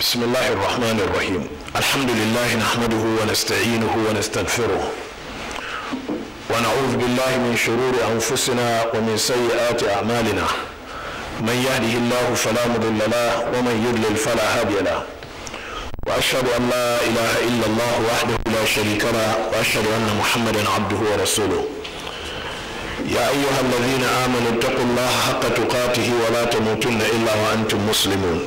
بسم الله الرحمن الرحيم الحمد لله نحمده ونستعينه ونستغفره ونعوذ بالله من شرور انفسنا ومن سيئات اعمالنا من يهده الله فلا مضل له ومن يضلل فلا هادي له واشهد ان لا اله الا الله وحده لا شريك له واشهد ان محمدا عبده ورسوله يا أيها الذين آمنوا اتقوا الله حق تقاته ولا تموتن إلا وأنتم مسلمون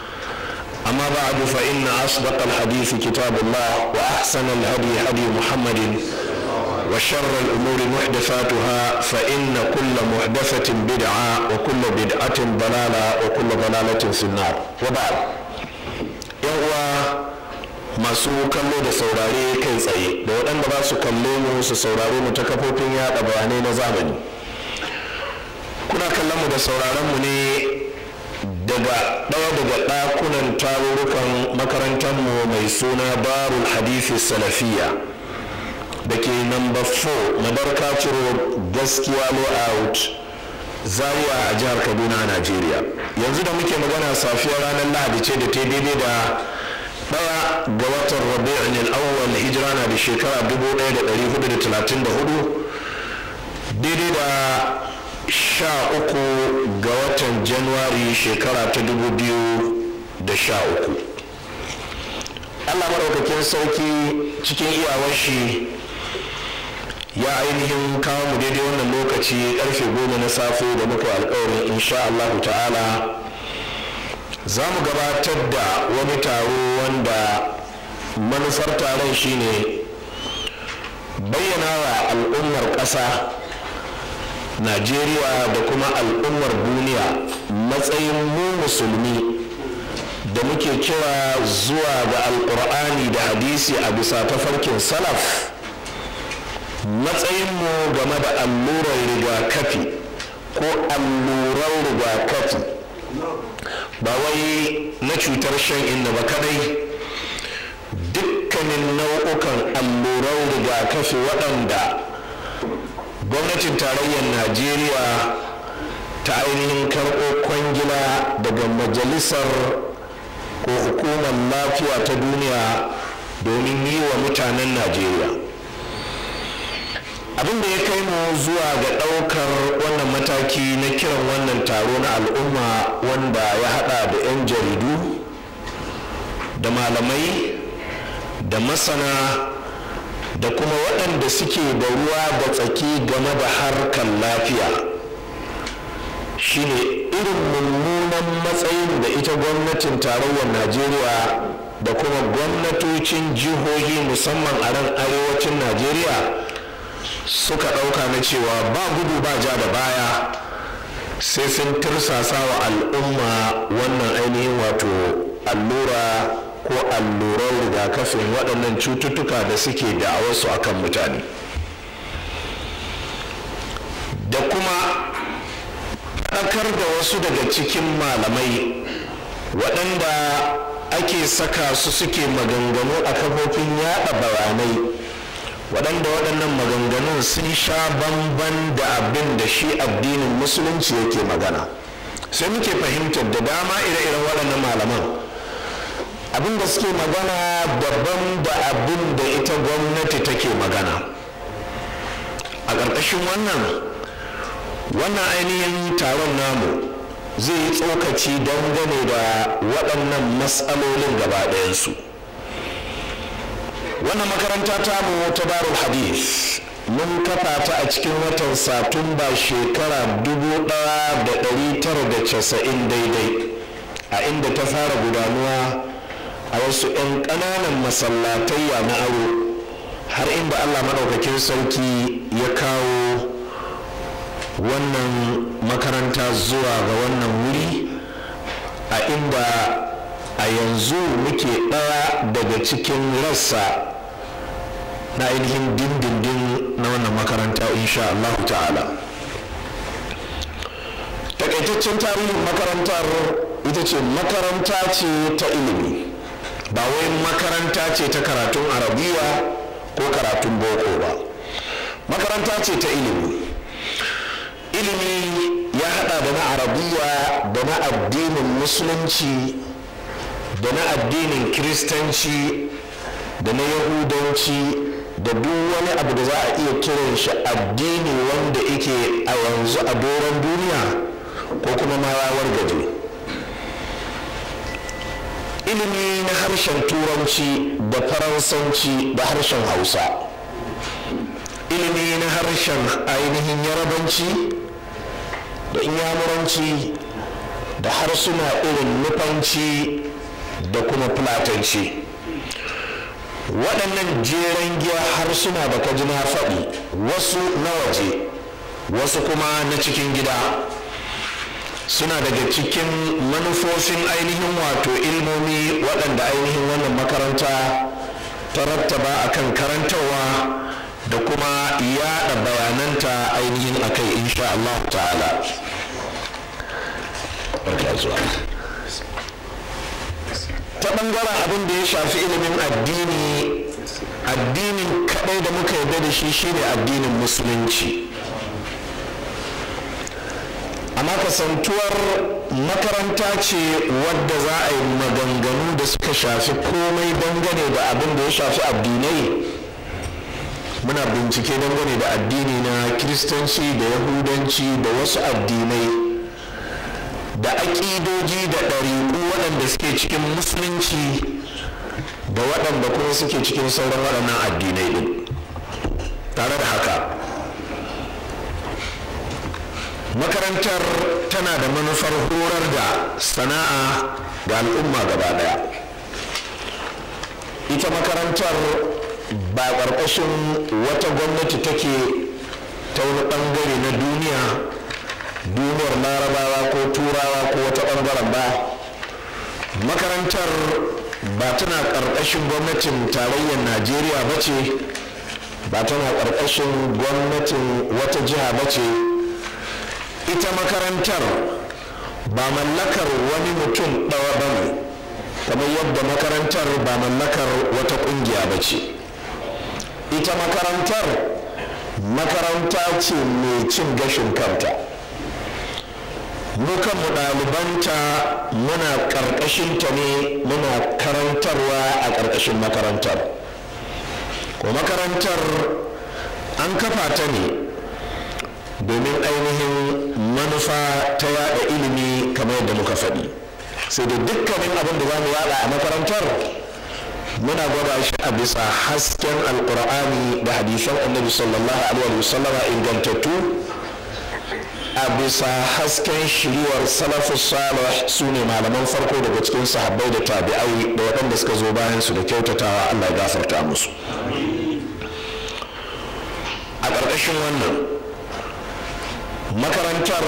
أما بعد فإن أصدق الحديث كتاب الله وأحسن الهدي هدي محمد وشر الأمور محدثاتها فإن كل محدثة بدعة وكل بدعة ضلالة وكل ضلالة في النار وبعد uwa masu kallo da saurare kai tsaye da waɗanda ba su kalle mu su saurare mu ta kafofin yaɗa bayanai na zamani kuna kallon mu da sauraron mu ne daga ɗaya daga ɗakunan tarurrukan makarantarmu mai suna barul hadithi salafiya da ke number 4 na barka gaskiya out zaruwa a jihar kaduna a najeriya yanzu da muke magana safiyar ranar lahadi ce da ta daidai da ɗaya ga watan rabi'in na hijira na da shekara 1434 daidai da sha uku ga watan januwari shekara ta dubu biyu da sha uku allah maraukakin sauki cikin iyawar shi ya ainihin kawo mu daidai wannan lokaci karfe goma na safe da muku alkawarin insha allahu ta'ala za mu gabatar da wani taro wanda manufar taron shine bayyana wa al'ummar ƙasa najeriya da kuma al'ummar duniya matsayin mu musulmi da muke kira zuwa ga alkur'ani da hadisi a bisa tafarkin salaf matsayin mu game da allurar rigakafi ko allurar rigakafi ba wai na cutar shan inda ba kadai dukkanin nau'ukan alluran rigakafi waɗanda gwamnatin tarayyar najeriya ta ainihin karɓo kwangila daga majalisar ko hukumar lafiya ta duniya domin yi wa mutanen najeriya abin da ya kai mu zuwa ga ɗaukar wannan mataki na kiran wannan taro na al'umma wanda ya haɗa da 'yan jaridu da malamai da masana da kuma waɗanda suke da ruwa da tsaki game da harkar lafiya shine irin mummunan matsayin da ita gwamnatin tarayyar najeriya da kuma gwamnatocin jihohi musamman a ran arewacin najeriya suka ɗauka na cewa ba gudu ba ja da baya sai sun tursasa wa al'umma wannan ainihin wato allura ko alluran rigakafin waɗannan cututtuka da suke da'awarsu a akan mutane da kuma Ɗakar da wasu daga cikin malamai waɗanda ake saka su suke maganganu a kafofin yaɗa bayanai waɗanda waɗannan maganganun sun sha bamban da abin da shi addinin musulunci yake magana sai muke fahimtar da dama ire-iren waɗannan malaman abin da suke magana daban da abin da ita gwamnati take magana a ƙarƙashin wannan wannan ainihin taron namu zai yi tsokaci dangane da waɗannan matsalolin gaba ɗayansu wannan makaranta ta mu ta Baru hadith mun kafa ta a cikin watan satumba shekara 1990 daidai a inda ta fara gudanuwa a wasu 'yan ƙananan masallatai na aro har inda allah maɗaukakin sauki ya kawo wannan makaranta zuwa ga wannan wuri a inda a yanzu muke ɗaya daga cikin rassa na ainihin dindindin na wannan makaranta insha Allah ta'ala takaitaccen tarihin makarantar ita ce makaranta ce ta ilimi ba wai makaranta ce ta karatun arabiya ko karatun boko ba makaranta ce ta ilimi ilimi ya hada da na arabiya da na addinin musulunci da na addinin kiristanci da na yahudanci da duk wani abu da za a iya kiran shi addini wanda yake a yanzu a doron duniya ko kuma ma rawar wargaje ilimi na harshen turanci da faransanci da harshen hausa ilimi na harshen ainihin yarabanci da inyamuranci da harsuna irin nufanci da kuma fulatanci waɗannan jeren giya harsuna da ka ji na faɗi wasu na waje wasu kuma na cikin gida suna daga cikin manufofin ainihin wato ilmomi waɗanda ainihin wannan makaranta ta rattaba kan karantarwa da kuma yaɗa bayananta ainihin akai insha Allah ta'ala ta ɓangaren abin da ya shafi ilimin addini addinin kaɗai da muka yarda da shi shine addinin musulunci amma kasantuwar makaranta ce wadda za a yi maganganu da suka shafi komai dangane da abin da ya shafi addinai muna bincike dangane da addini na kiristanci da yahudanci da wasu addinai da aƙidoji da ɗariƙu waɗanda suke cikin musulunci da waɗanda kuma suke cikin sauran waɗannan addinai ɗin tare da haka makarantar tana da manufar horar da sana'a ga al'umma gaba daya ita makarantar ba ƙarƙashin wata gwamnati take ta wani ɓangare na duniya duniyar larabawa ko turawa ko wata ɓangaren ba makarantar ba tana ƙarƙashin gwamnatin tarayyar najeriya ba ce ba tana ƙarƙashin gwamnatin wata jiha ba ce ita makarantar ba mallakar wani mutum ɗawa ba ne kamar yadda makarantar ba mallakar wata ƙungiya ba ce ita makarantar makaranta ce mai cin gashin kanta mu ɗalibanta muna ƙarƙashinta ne muna karantarwa a ƙarƙashin makarantar ko makarantar an kafa ta ne domin ainihin manufa ta yada ilimi kamar yadda muka faɗi sai da dukkanin abin da zamu mu yada a makarantar muna gwada shi a bisa hasken alkur'ani da hadisan annabi sallallahu alaihi sallam ingantattu a bisa hasken shiriwar salafu salih su ne malaman farko daga cikin sahabbai da tabi'ai da waɗanda suka zo bayan su da kyautatawa Allah ya gafarta musu a ƙarƙashin wannan makarantar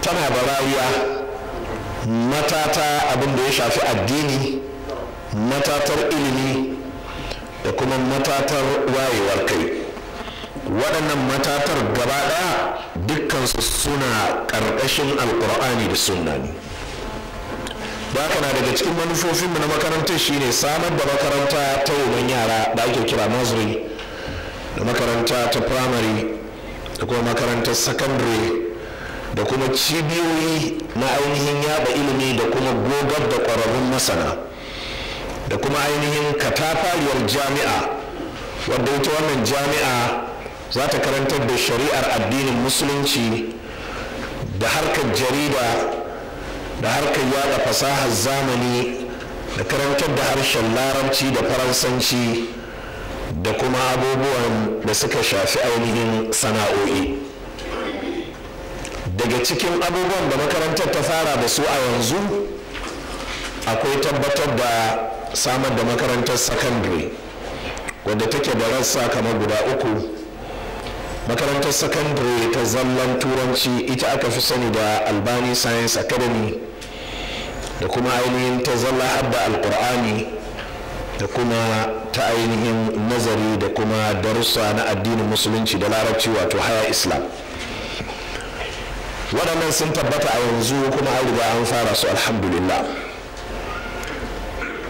tana da matata abin da ya shafi addini matatar ilimi da kuma matatar wayewar kai waɗannan matatar gaba ɗaya dukkansu suna ƙarƙashin alƙur'ani da sunna ne haka na daga cikin manufofinmu na makarantar shine samar da makaranta ta yi yara da ake kira nursery da makaranta ta primary da kuma makarantar sakandare da kuma cibiyoyi na ainihin yada ilimi da kuma gogar da kwararrun masana da kuma ainihin katafariyar jami'a wadda ita wannan jami'a za ta karantar da shari'ar addinin musulunci da harkar jarida da harkar yada fasahar zamani da karantar da harshen larabci da faransanci da kuma abubuwan da suka shafi ainihin sana'o'i daga cikin abubuwan da makarantar ta fara da su a yanzu akwai tabbatar da samar da makarantar sakandare wadda take da rassa kamar guda uku makarantar sakandare ta zallan turanci ita aka fi sani da albani science academy da kuma ainihin ta zalla habba alkur'ani da kuma ta ainihin nazari da kuma darussa na addinin musulunci da larabci wato haya islam waɗannan sun tabbata a yanzu kuma an riga an fara su alhamdulillah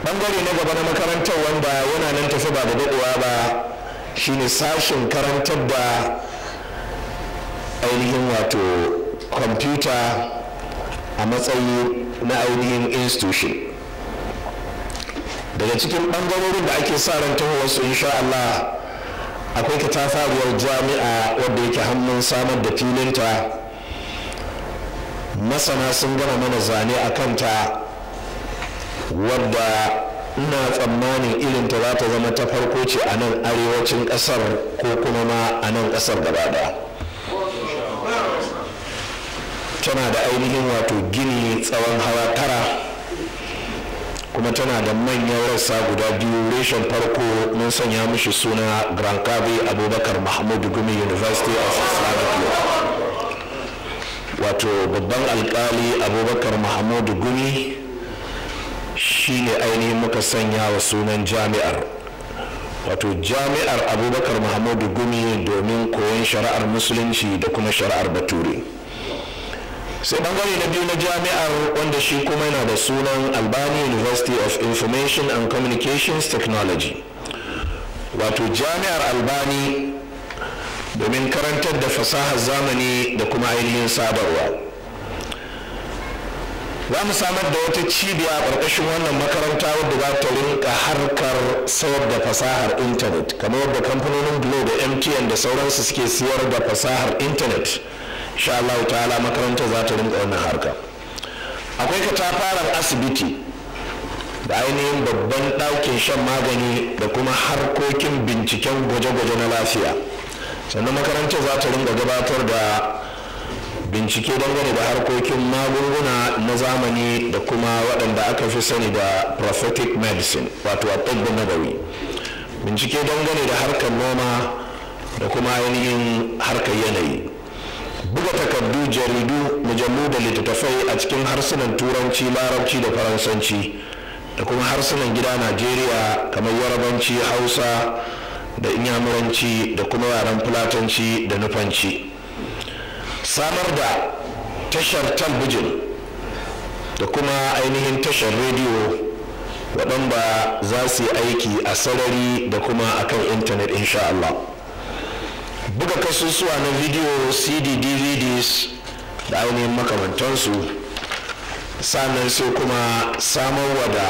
ɓangare na gaba na makarantar wanda yana nan tafi ba da daɗewa ba shine sashen karantar da ainihin wato kwamfuta a matsayi na ainihin institution daga cikin ɓangarorin da ake sa ran wasu insha Allah akwai katafaruwar jami'a wadda yake hannun samar da filinta masana sun gama mana zane a kanta wadda ina tsammanin irinta za ta zama ta farko ce a nan arewacin ƙasar ko kuma ma a nan ƙasar gaba tana da ainihin wato gini tsawon hawa tara kuma tana da manyan rassa guda biyu reshen farko mun sanya mishi suna grand cave abubakar mahmud gumi university of islamic law wato babban alkali abubakar mahmud gumi shi ne ainihin muka sanya wa sunan jami'ar wato jami'ar abubakar mahmud gumi domin koyon shari'ar musulunci da kuma shari'ar bature sai bangare na biyu na jami'ar wanda shi kuma yana da sunan albani university of information and communications technology wato jami'ar albani domin karantar da fasahar zamani da kuma ainihin sabarwa. za mu samar da wata cibiya a ƙarƙashin wannan makaranta wadda za ta rinka harkar sayar da fasahar intanet kamar yadda kamfanonin glo da mtn da sauransu suke siyar da fasahar intanet insha Allah ta'ala makaranta za ta rinka wannan harka akwai katafaren asibiti da ainihin babban ɗaukin shan magani da kuma harkokin binciken gwaje-gwaje na lafiya sannan makarantar za ta rinka gabatar da bincike dangane da harkokin magunguna na zamani da kuma waɗanda aka fi sani da prophetic medicine wato a nagari bincike dangane da harkar noma da kuma ainihin harkar yanayi buga takardu jaridu mujallu da littattafai a cikin harsunan turanci larabci da faransanci da kuma harsunan gida najeriya kamar yarabanci hausa da inyamuranci da kuma yaren fulatanci da nufanci samar da tashar talbijin da kuma ainihin tashar rediyo waɗanda za su yi aiki a sarari da kuma akan intanet insha Allah. buga kasusuwa na video cd dvds da ainihin makamantansu sannan sai kuma samarwa da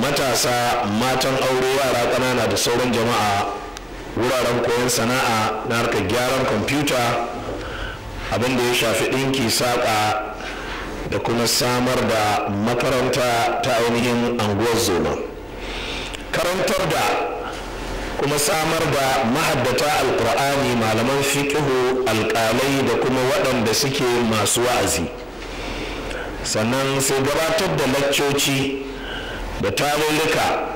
matasa matan aure yara ƙanana da sauran jama'a wuraren koyon sana'a na harkar gyaran kwamfuta abinda ya shafi ɗinki saƙa da kuma samar da makaranta ta ainihin anguwar zoma karantar da kuma samar da mahaddata alkur'ani malaman fiqhu alƙalai da kuma waɗanda suke masu wa'azi sannan sai gabatar da laccoci da tarurruka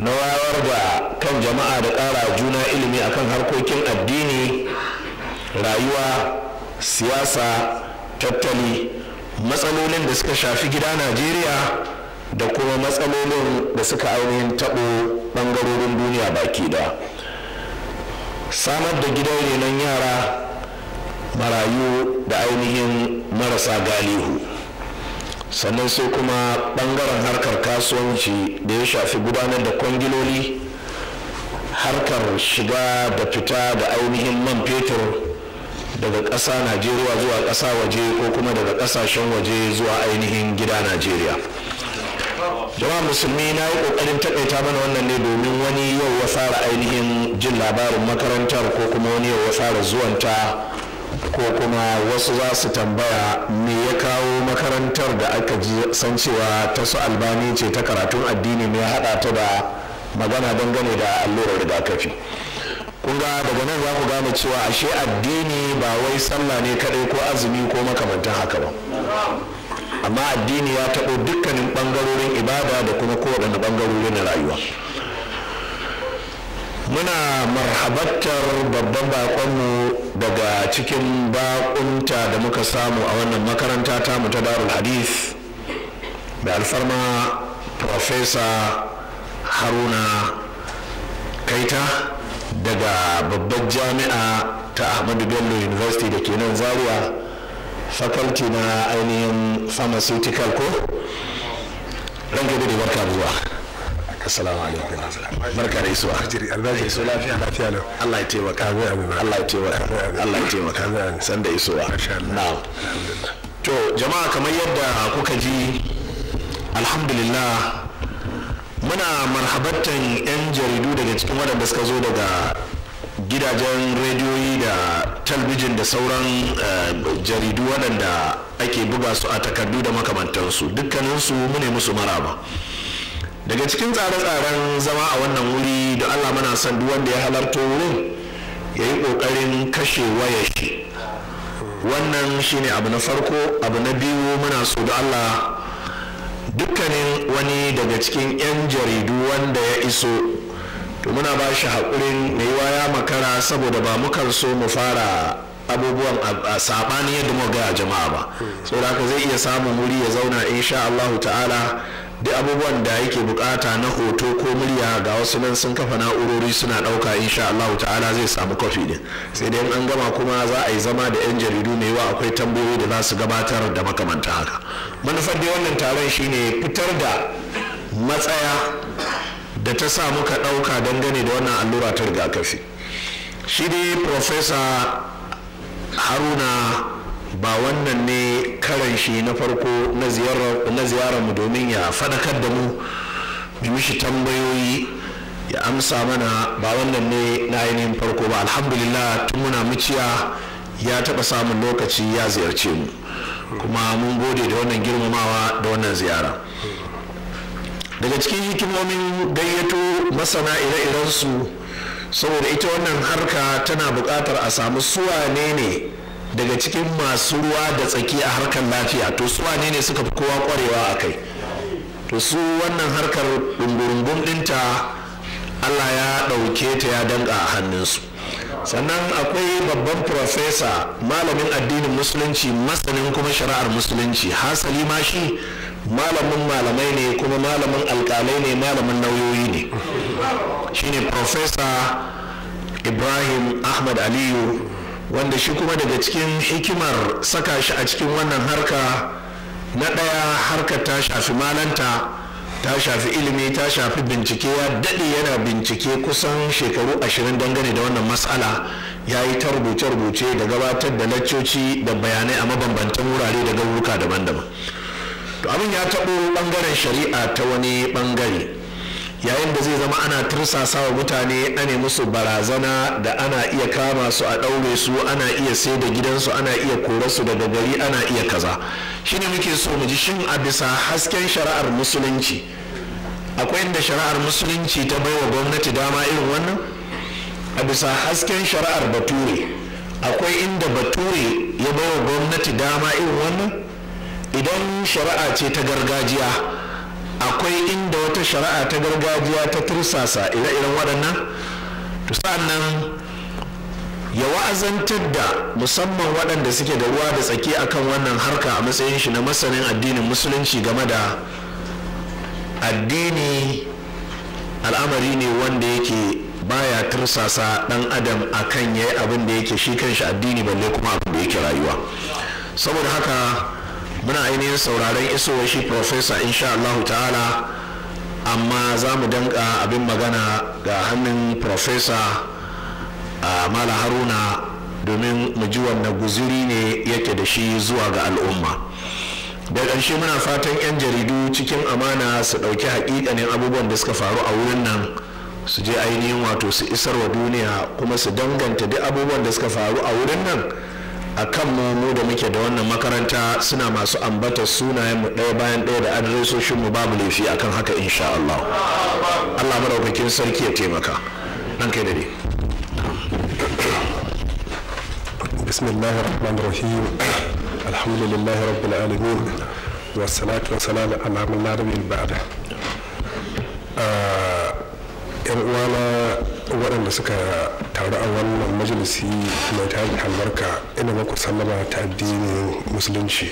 na wayar da kan jama'a da ƙara juna ilimi akan harkokin addini rayuwa siyasa tattali matsalolin da suka shafi gida najeriya da kuma matsalolin da suka ainihin taɓo ɓangarorin duniya baki da samar da gidan renon yara marayu da ainihin marasa galihu sannan sai kuma ɓangaren harkar kasuwanci da ya shafi gudanar da kwangiloli harkar shiga da fita da ainihin man fetur daga ƙasa najeriya zuwa ƙasa waje ko kuma daga ƙasashen waje zuwa ainihin gida najeriya jama'a musulmi na yi kokarin takaita mana wannan ne domin wani yau ya fara ainihin jin labarin makarantar ko kuma wani yau ya fara zuwanta ko kuma wasu za su tambaya me ya kawo makarantar da aka ji san cewa ta su albani ce ta karatun addini mai haɗa ta da magana dangane da allurar rigakafi kun ga daga nan za ku gane cewa ashe addini ba wai sallah ne kadai ko azumi ko makamantan haka ba amma addini ya taɓo dukkanin ɓangarorin ibada da kuma kowaɗanne ɓangarori na rayuwa muna marhabattar babban bakonmu daga cikin baƙunta da muka samu a wannan makaranta ta mu ta darul hadith mai alfarma profesa haruna kaita daga babbar jami'a ta ahmadu bello university da ke nan zaria faculty na ainihin pharmaceutical ko ranka da barka zuwa assalamu alaikum barka da isuwa albashi iso lafiya lafiya lo Allah ya taimaka Allah ya taimaka Allah ya taimaka san da isuwa na'am to jama'a kamar yadda kuka ji alhamdulillah muna marhabatan yan jaridu daga cikin wadanda suka zo daga gidajen rediyoyi da talbijin da sauran eh, jaridu waɗanda ake buga su a takardu da makamantansu dukkaninsu mune musu maraba daga cikin tsare-tsaren zama a wannan wuri da allah mana son duk wanda ya halarto wurin ya yi ƙoƙarin kashe waya shi wannan shine abu na farko abu na biyu muna so da allah dukkanin wani daga cikin 'yan jaridu wanda ya iso to muna ba shi haƙurin yi ya makara saboda ba mukan so mu fara abubuwan saɓani yadda mu ga jama'a ba saboda haka zai iya samun wuri ya zauna insha Allahu ta'ala duk abubuwan da yake bukata na hoto ko murya ga wasu nan sun kafa na'urori suna ɗauka insha Allahu ta'ala zai samu kwafi din sai dai an gama kuma za a yi zama da 'yan jaridu mai wa akwai tambayoyi da za su gabatar da makamanta haka manufar dai wannan taron shine fitar da matsaya da ta sa muka ɗauka dangane da wannan allura ta rigakafi shi dai profesa haruna ba wannan ne karan shi na farko na ziyarar mu domin ya faɗakar da mu mu mishi tambayoyi ya amsa mana ba wannan ne na ainihin farko ba alhamdulillah tun muna muciya ya taɓa samun lokaci ya ziyarce mu kuma mun gode da wannan girmamawa da wannan ziyara daga cikin hikimomin gayyato masana ire-irensu saboda ita wannan harka tana bukatar a samu suwa ne daga cikin masu ruwa da tsaki a harkar lafiya to suwa ne suka fi kowa kwarewa a kai to su wannan harkar rungurungun ɗinta allah ya ɗauke ta ya danka a hannunsu sannan akwai babban profesa malamin addinin musulunci masanin kuma shari'ar musulunci hasali ma shi malamin malamai ne kuma malamin alkalai ne malamin nauyoyi ne shine professor ibrahim ahmad aliyu wanda shi kuma daga cikin hikimar saka shi a cikin wannan harka na ɗaya harkar ta shafi malanta ta shafi ilimi ta shafi bincike ya daɗe yana bincike kusan shekaru ashirin dangane da wannan matsala ya yi ta rubuce-rubuce da gabatar da laccoci da bayanai a mabambantan wurare da garuruka daban-daban to abin ya taɓo ɓangaren shari'a ta wani ɓangare yayin da zai zama ana tursasa wa mutane ana musu barazana da ana iya kama su a ɗaure su ana iya sai da gidansu ana iya su daga gari ana iya kaza shine muke so mu ji shin a bisa hasken shari'ar musulunci akwai inda shari'ar musulunci ta baiwa gwamnati dama irin wannan a bisa hasken shari'ar bature akwai inda bature ya baiwa gwamnati dama irin wannan idan shari'a ce ta gargajiya akwai inda wata shari'a ta gargajiya ta tursasa ire-iren waɗannan to nan ya wa'azantar da musamman waɗanda suke da ruwa da tsaki akan wannan harka a matsayin shi na masanin addinin musulunci game da addini al'amari ne wanda yake baya tursasa ɗan adam akan yayi abin da yake shi kanshi addini balle kuma abin da yake rayuwa saboda haka muna ainihin sauraron isowar shi profesa insha Allahu ta'ala amma za mu danka abin magana ga hannun profesa mala haruna domin mu ji wanda guziri ne yake da shi zuwa ga al'umma da ƙarshe muna fatan 'yan jaridu cikin amana su ɗauki haƙiƙanin abubuwan da suka faru a wurin nan su je ainihin wato su isar wa duniya kuma su danganta duk abubuwan da suka faru a wurin nan a kan mu da muke da wannan makaranta suna masu ambata sunayen mu ɗaya bayan ɗaya da adresoshin mu babu laifi akan haka insha Allah Allah madaukakin sarki ya taimaka nan kai dare bismillahir rahmanir rahim alhamdulillahi rabbil alamin wassalatu wassalamu ala man la nabiyya ba'da ah, uwana waɗanda suka taru a wannan majalisi mai tarin albarka ina muku sallama ta addinin musulunci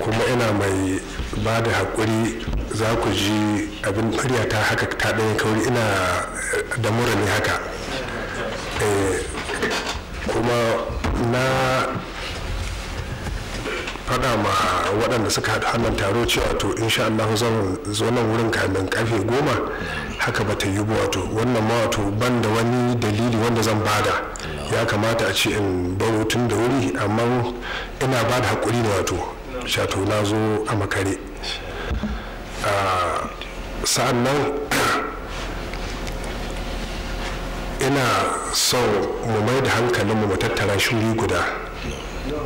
kuma ina mai ba da haƙuri za ku ji abin murya ta haka ta ɗaya kauri ina da mura ne haka eh, kuma na faɗa ma waɗanda suka haɗa hannun taro cewa to insha Allah zan zo nan wurin kamin ƙarfe goma haka ba ta yi ba wato wannan ma wato ban da wani dalili wanda zan bada ya kamata a ce in baro tun da wuri amma ina ba da haƙuri ne wato shato na zo a makare ah, sa'an nan ina son mu mai da hankalin mu tattara shuri guda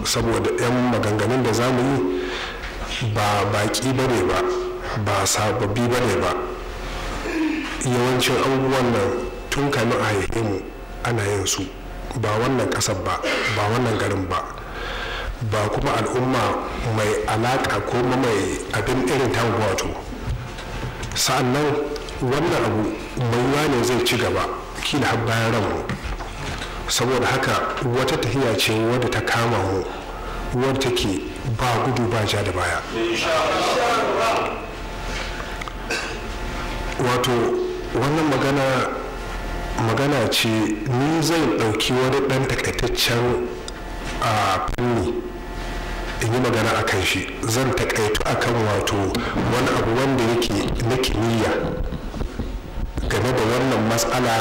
saboda 'yan maganganun da za mu yi ba baƙi ba ne ba ba sababbi ba ne ba yawancin abubuwan nan tun kami a haife mu ana yin su ba wannan kasar ba ba wannan garin ba ba kuma al'umma mai alaƙa ko mai abin irin ta wato sa'annan wannan abu mai ne zai ci gaba kila har bayan ranmu saboda haka wata tahiya ce wadda ta kama mu wadda take ba gudu ba ja da baya wato wannan magana magana ce ni zan ɗauki wani ɗan takaitaccen a fanni in yi magana a kan shi zan takaitu a kan wato wani abu wanda yake na kimiyya game da wannan matsala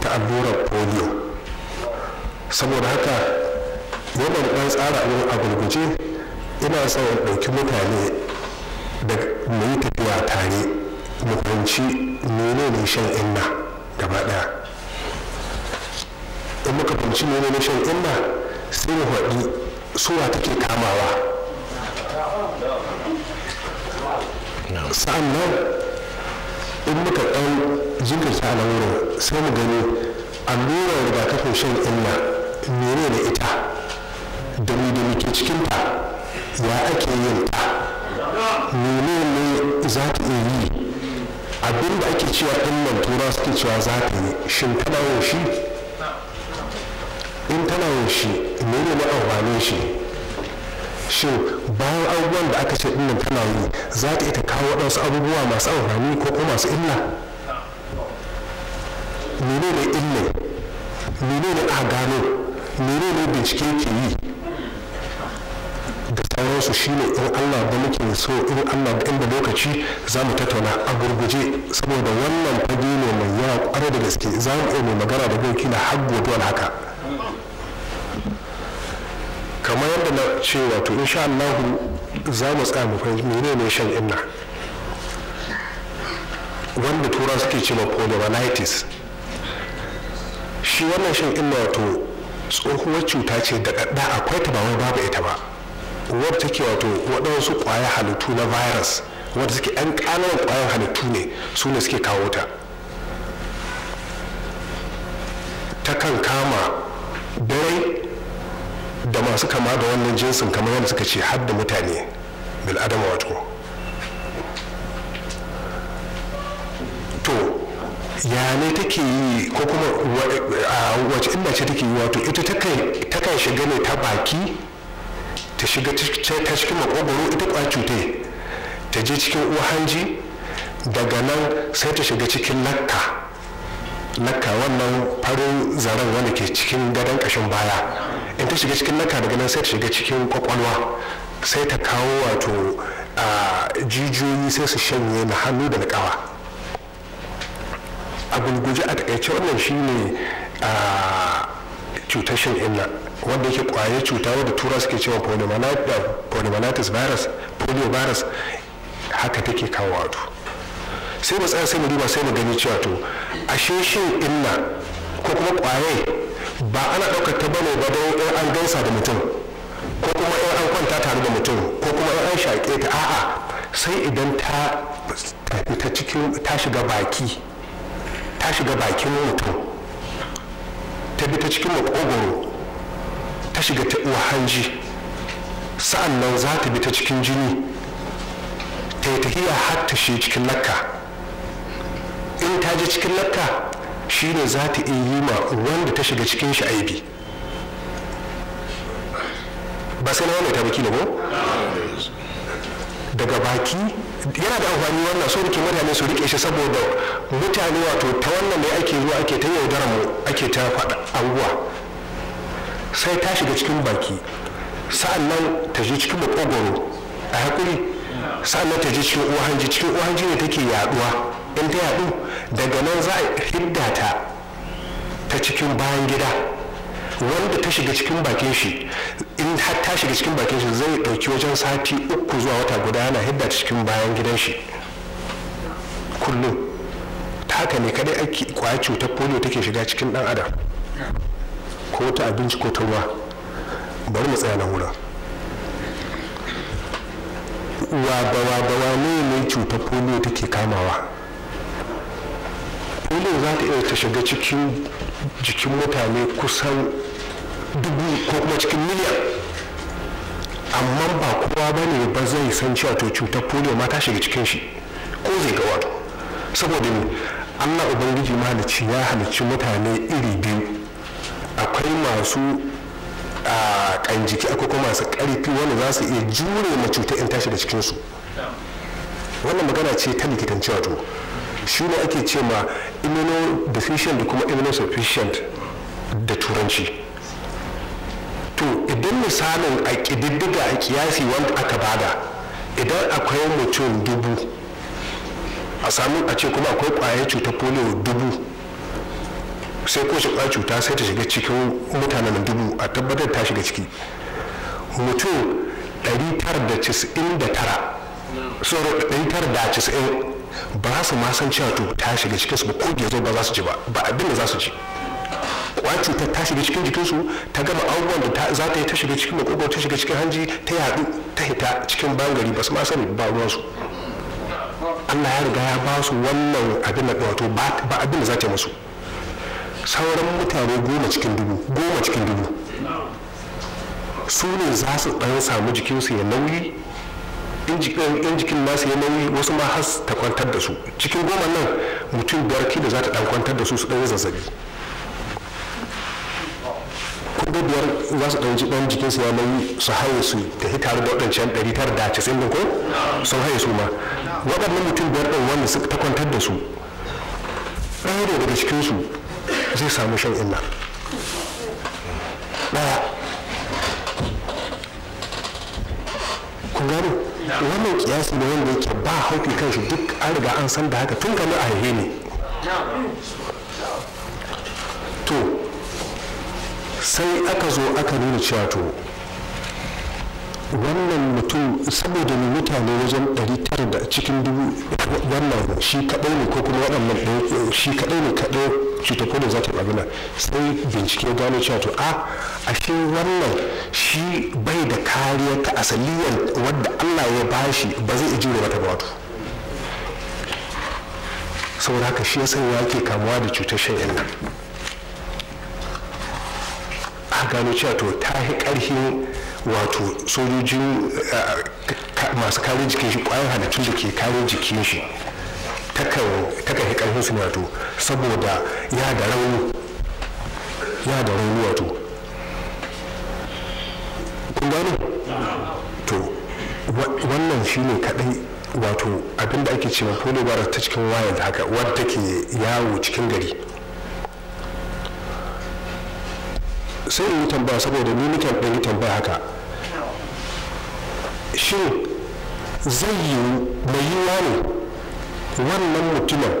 ta allurar polio saboda haka da ɗan tsara abin a gurguje ina son ɗauki mutane da mai tafiya tare mu fahimci mene ne shan inna gaba daya in muka fahimci nuna ne shan inna sai mu faɗi suwa take kamawa sa'an nan in muka ɗan jinkirta na wurin sai mu gani allurar rigakafin shan inna nuna ne ita da mu da muke cikinta ya ake yin ta nuna ne za ta iya yi abin da ake cewa ɗin nan tura suke cewa za ta yi shin tana yin shi in tana yin shi ne ne amfanin shi shin bayan abubuwan da aka ce in nan tana yi za ta ita kawo waɗansu abubuwa masu amfani ko kuma masu illa ne ne illa mene ne a gano mene ne bincike ke yi su shine in Allah da muke so in Allah da inda lokaci za mu tattauna a gurguje saboda wannan fage ne mai yawa kwarai da gaske za mu iya mai magana da boki na har gobe haka kamar yadda na ce wato in sha Allah za mu tsaya mu fahimci mene ne shan inna wanda tura suke cewa polymyelitis shi wannan shan inna wato tsohuwar cuta ce da akwai ta ba wai babu ita ba wadda take wato waɗansu ƙwayar halittu na virus wadda suke 'yan ƙananan ƙwayar halittu ne su ne suke kawo ta ta kan kama dare da masu kama da wannan jinsin kamar yadda suka ce har da mutane bil'adama wato ya ne take yi ko kuma wace inda ce take yi wato ita ta kai shiga ne ta baki ta shiga ta shiga makogoro ita kwa cute ta je cikin hanji daga nan sai ta shiga cikin lakka lakka wannan farin zaren wanda ke cikin gadon kashin baya in ta shiga cikin lakka daga nan sai ta shiga cikin kwakwalwa sai ta kawo wato jijiyoyi sai su shanye na hannu da na kawa a gulguji a takaice wannan shine cutar shan inna wanda yake kwaye cuta wanda tura suke cewa polymonitis virus polio virus haka take kawo wato sai mu tsaya sai mu duba sai mu gani cewa to a shin inna ko kuma kwaye ba ana ɗaukar ta bane ba don in an gansa da mutum ko kuma in an kwanta tare da mutum ko kuma in an shaƙe ta a'a sai idan ta ta cikin ta shiga baki ta shiga bakin mutum ta bi ta cikin makogoro ta shiga ta uwa hanji sa'an nan za ta bi ta cikin jini ta yi tahiya har ta shi cikin lakka in ta je cikin lakka shi ne za ta iya yi ma wanda ta shiga cikin shi aibi ba sai na wani ta baki da ko daga baki yana da amfani wannan so rike mutane su rike shi saboda mutane wato ta wannan ne ake zuwa ake ta yaudaran mu ake ta faɗa anguwa sai ta shiga cikin baki sa'annan ta je cikin makogoro a haƙuri sa'annan ta je cikin uwa cikin uwa ne take yaduwa in ta yadu daga nan za a hidda ta ta cikin bayan gida wanda ta shiga cikin bakin shi in har ta shiga cikin bakin shi zai ɗauki wajen sati uku zuwa wata guda yana hidda ta cikin bayan gidan shi kullum ta haka ne kadai ake kwaya cutar polio take shiga cikin dan adam ko ta abinci ko ta ruwa bari mu tsaya nan wurin wada wada wane ne cutar polio take kamawa polio za ta iya ta shiga cikin jikin mutane kusan dubu ko kuma cikin miliyan amma ba kowa ba ne ba zai san cewa to cutar polio ma ta shiga cikin shi ko zai ga wato saboda ne allah ubangiji mahalicci ya halicci mutane iri biyu akwai masu kan jiki akwai kuma masu karfi wanda za su iya jure ma cuta in tashi da cikinsu wannan magana ce ta likitanci wato shi ne ake ce ma immunodeficient da kuma immunosufficient da turanci to idan misalin a kididdiga a kiyasi wanda aka bada idan akwai mutum dubu a samu a ce kuma akwai kwayar cutar polio dubu sai ko shi cuta sai ta shiga cikin mutanen dubu a tabbatar ta shiga ciki mutum 999 tsoro 990 ba su ma san cewa to ta shiga cikinsu ba ko gezo ba za su ji ba ba abin da za su ji kwayar ta shiga cikin jikinsu ta gama abubuwan da za ta yi ta shiga cikin makogwar ta shiga cikin hanji ta yadu ta hita cikin bangare ba su ma sani ba ruwansu allah ya riga ya ba su wannan abin da wato ba abin da za ta yi musu sauran mutane goma cikin dubu goma cikin dubu su ne za su ɗan samu jikinsu ya nauyi yan jikin nasu ya nauyi wasu ma has ta kwantar da su cikin goma nan mutum biyar ki da za ta ɗan kwantar da su su ɗan zazzabi kuma biyar za su ɗauki ɗan jikinsu ya nauyi su haye su ta hita da waɗancan ɗari tara da casin ko sun haye su ma waɗannan mutum biyar ɗan wanda su ta kwantar da su ɗaya daga cikinsu zai samu shan inna ɗaya kun gano wannan kiyasi ne wanda yake ba hauki shi duk an riga an san da haka tun kama a haihe ne to sai aka zo aka nuna cewa to wannan mutum saboda ne mutane wajen 900 da cikin dubu wannan shi kadai ne ko kuma waɗannan eh, shi kadai ne kadai cutar kodin za ta yi abin sai bincike gano cewa to a ah, ashe wannan shi bai da kariya ta asaliyar wadda allah ya bashi ba zai iji ba ta ba wato saboda haka shi yasa ya ke kamuwa da cutar shan nan a gano cewa to ta yi ƙarfin wato sojojin eh, masu kare jikin shi kwayar halittun da ke kare jikin shi takan yi karfin su wato saboda ya da rauni ya da rauni wato kun gano to wannan shi ne kadai wato abinda ake cewa polio virus ta cikin da haka wadda take yawo cikin gari sai in yi tambaya saboda ni mutan ɗari tambaya haka shin zai yi mai yiwuwa ne wannan mutumin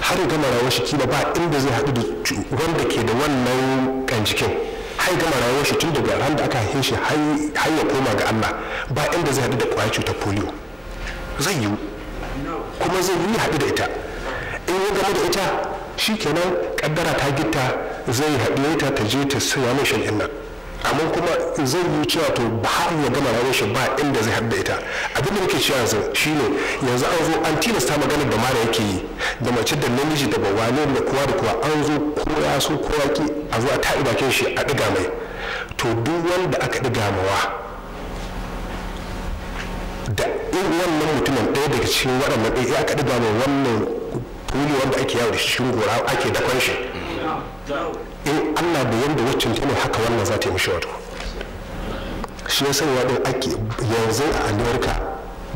har gama rawar shi kila ba inda zai haɗu da wanda ke da wannan cikin har gama rawar shi tun daga ran da aka haife shi har ya koma ga Allah ba inda zai haɗu da ƙwayar cutar polio zai yiwu kuma zai yi haɗu da ita in ya gama da ita shi kenan ƙaddara ta gita zai haɗu ta ta je ta saya mai shan nan amma kuma zai yi cewa to ba har ya gama rayuwar shi ba inda zai hadda ita abin da muke cewa yanzu shine yanzu an zo an tilasta magana da mara yake yi da mace da namiji da bawane da kowa da kowa an zo koya su kowa ki a zo a ta'i bakin shi a ɗiga mai to duk wanda aka ɗiga mawa da in wannan mutumin ɗaya daga cikin waɗannan ɗaya aka ɗiga mai wannan kuli wanda ake yawo da shi cikin gora ake dakon shi in allah da yadda waccan ta ne haka wannan za ta yi mishi wato shi ya sanya din ake yanzu a amurka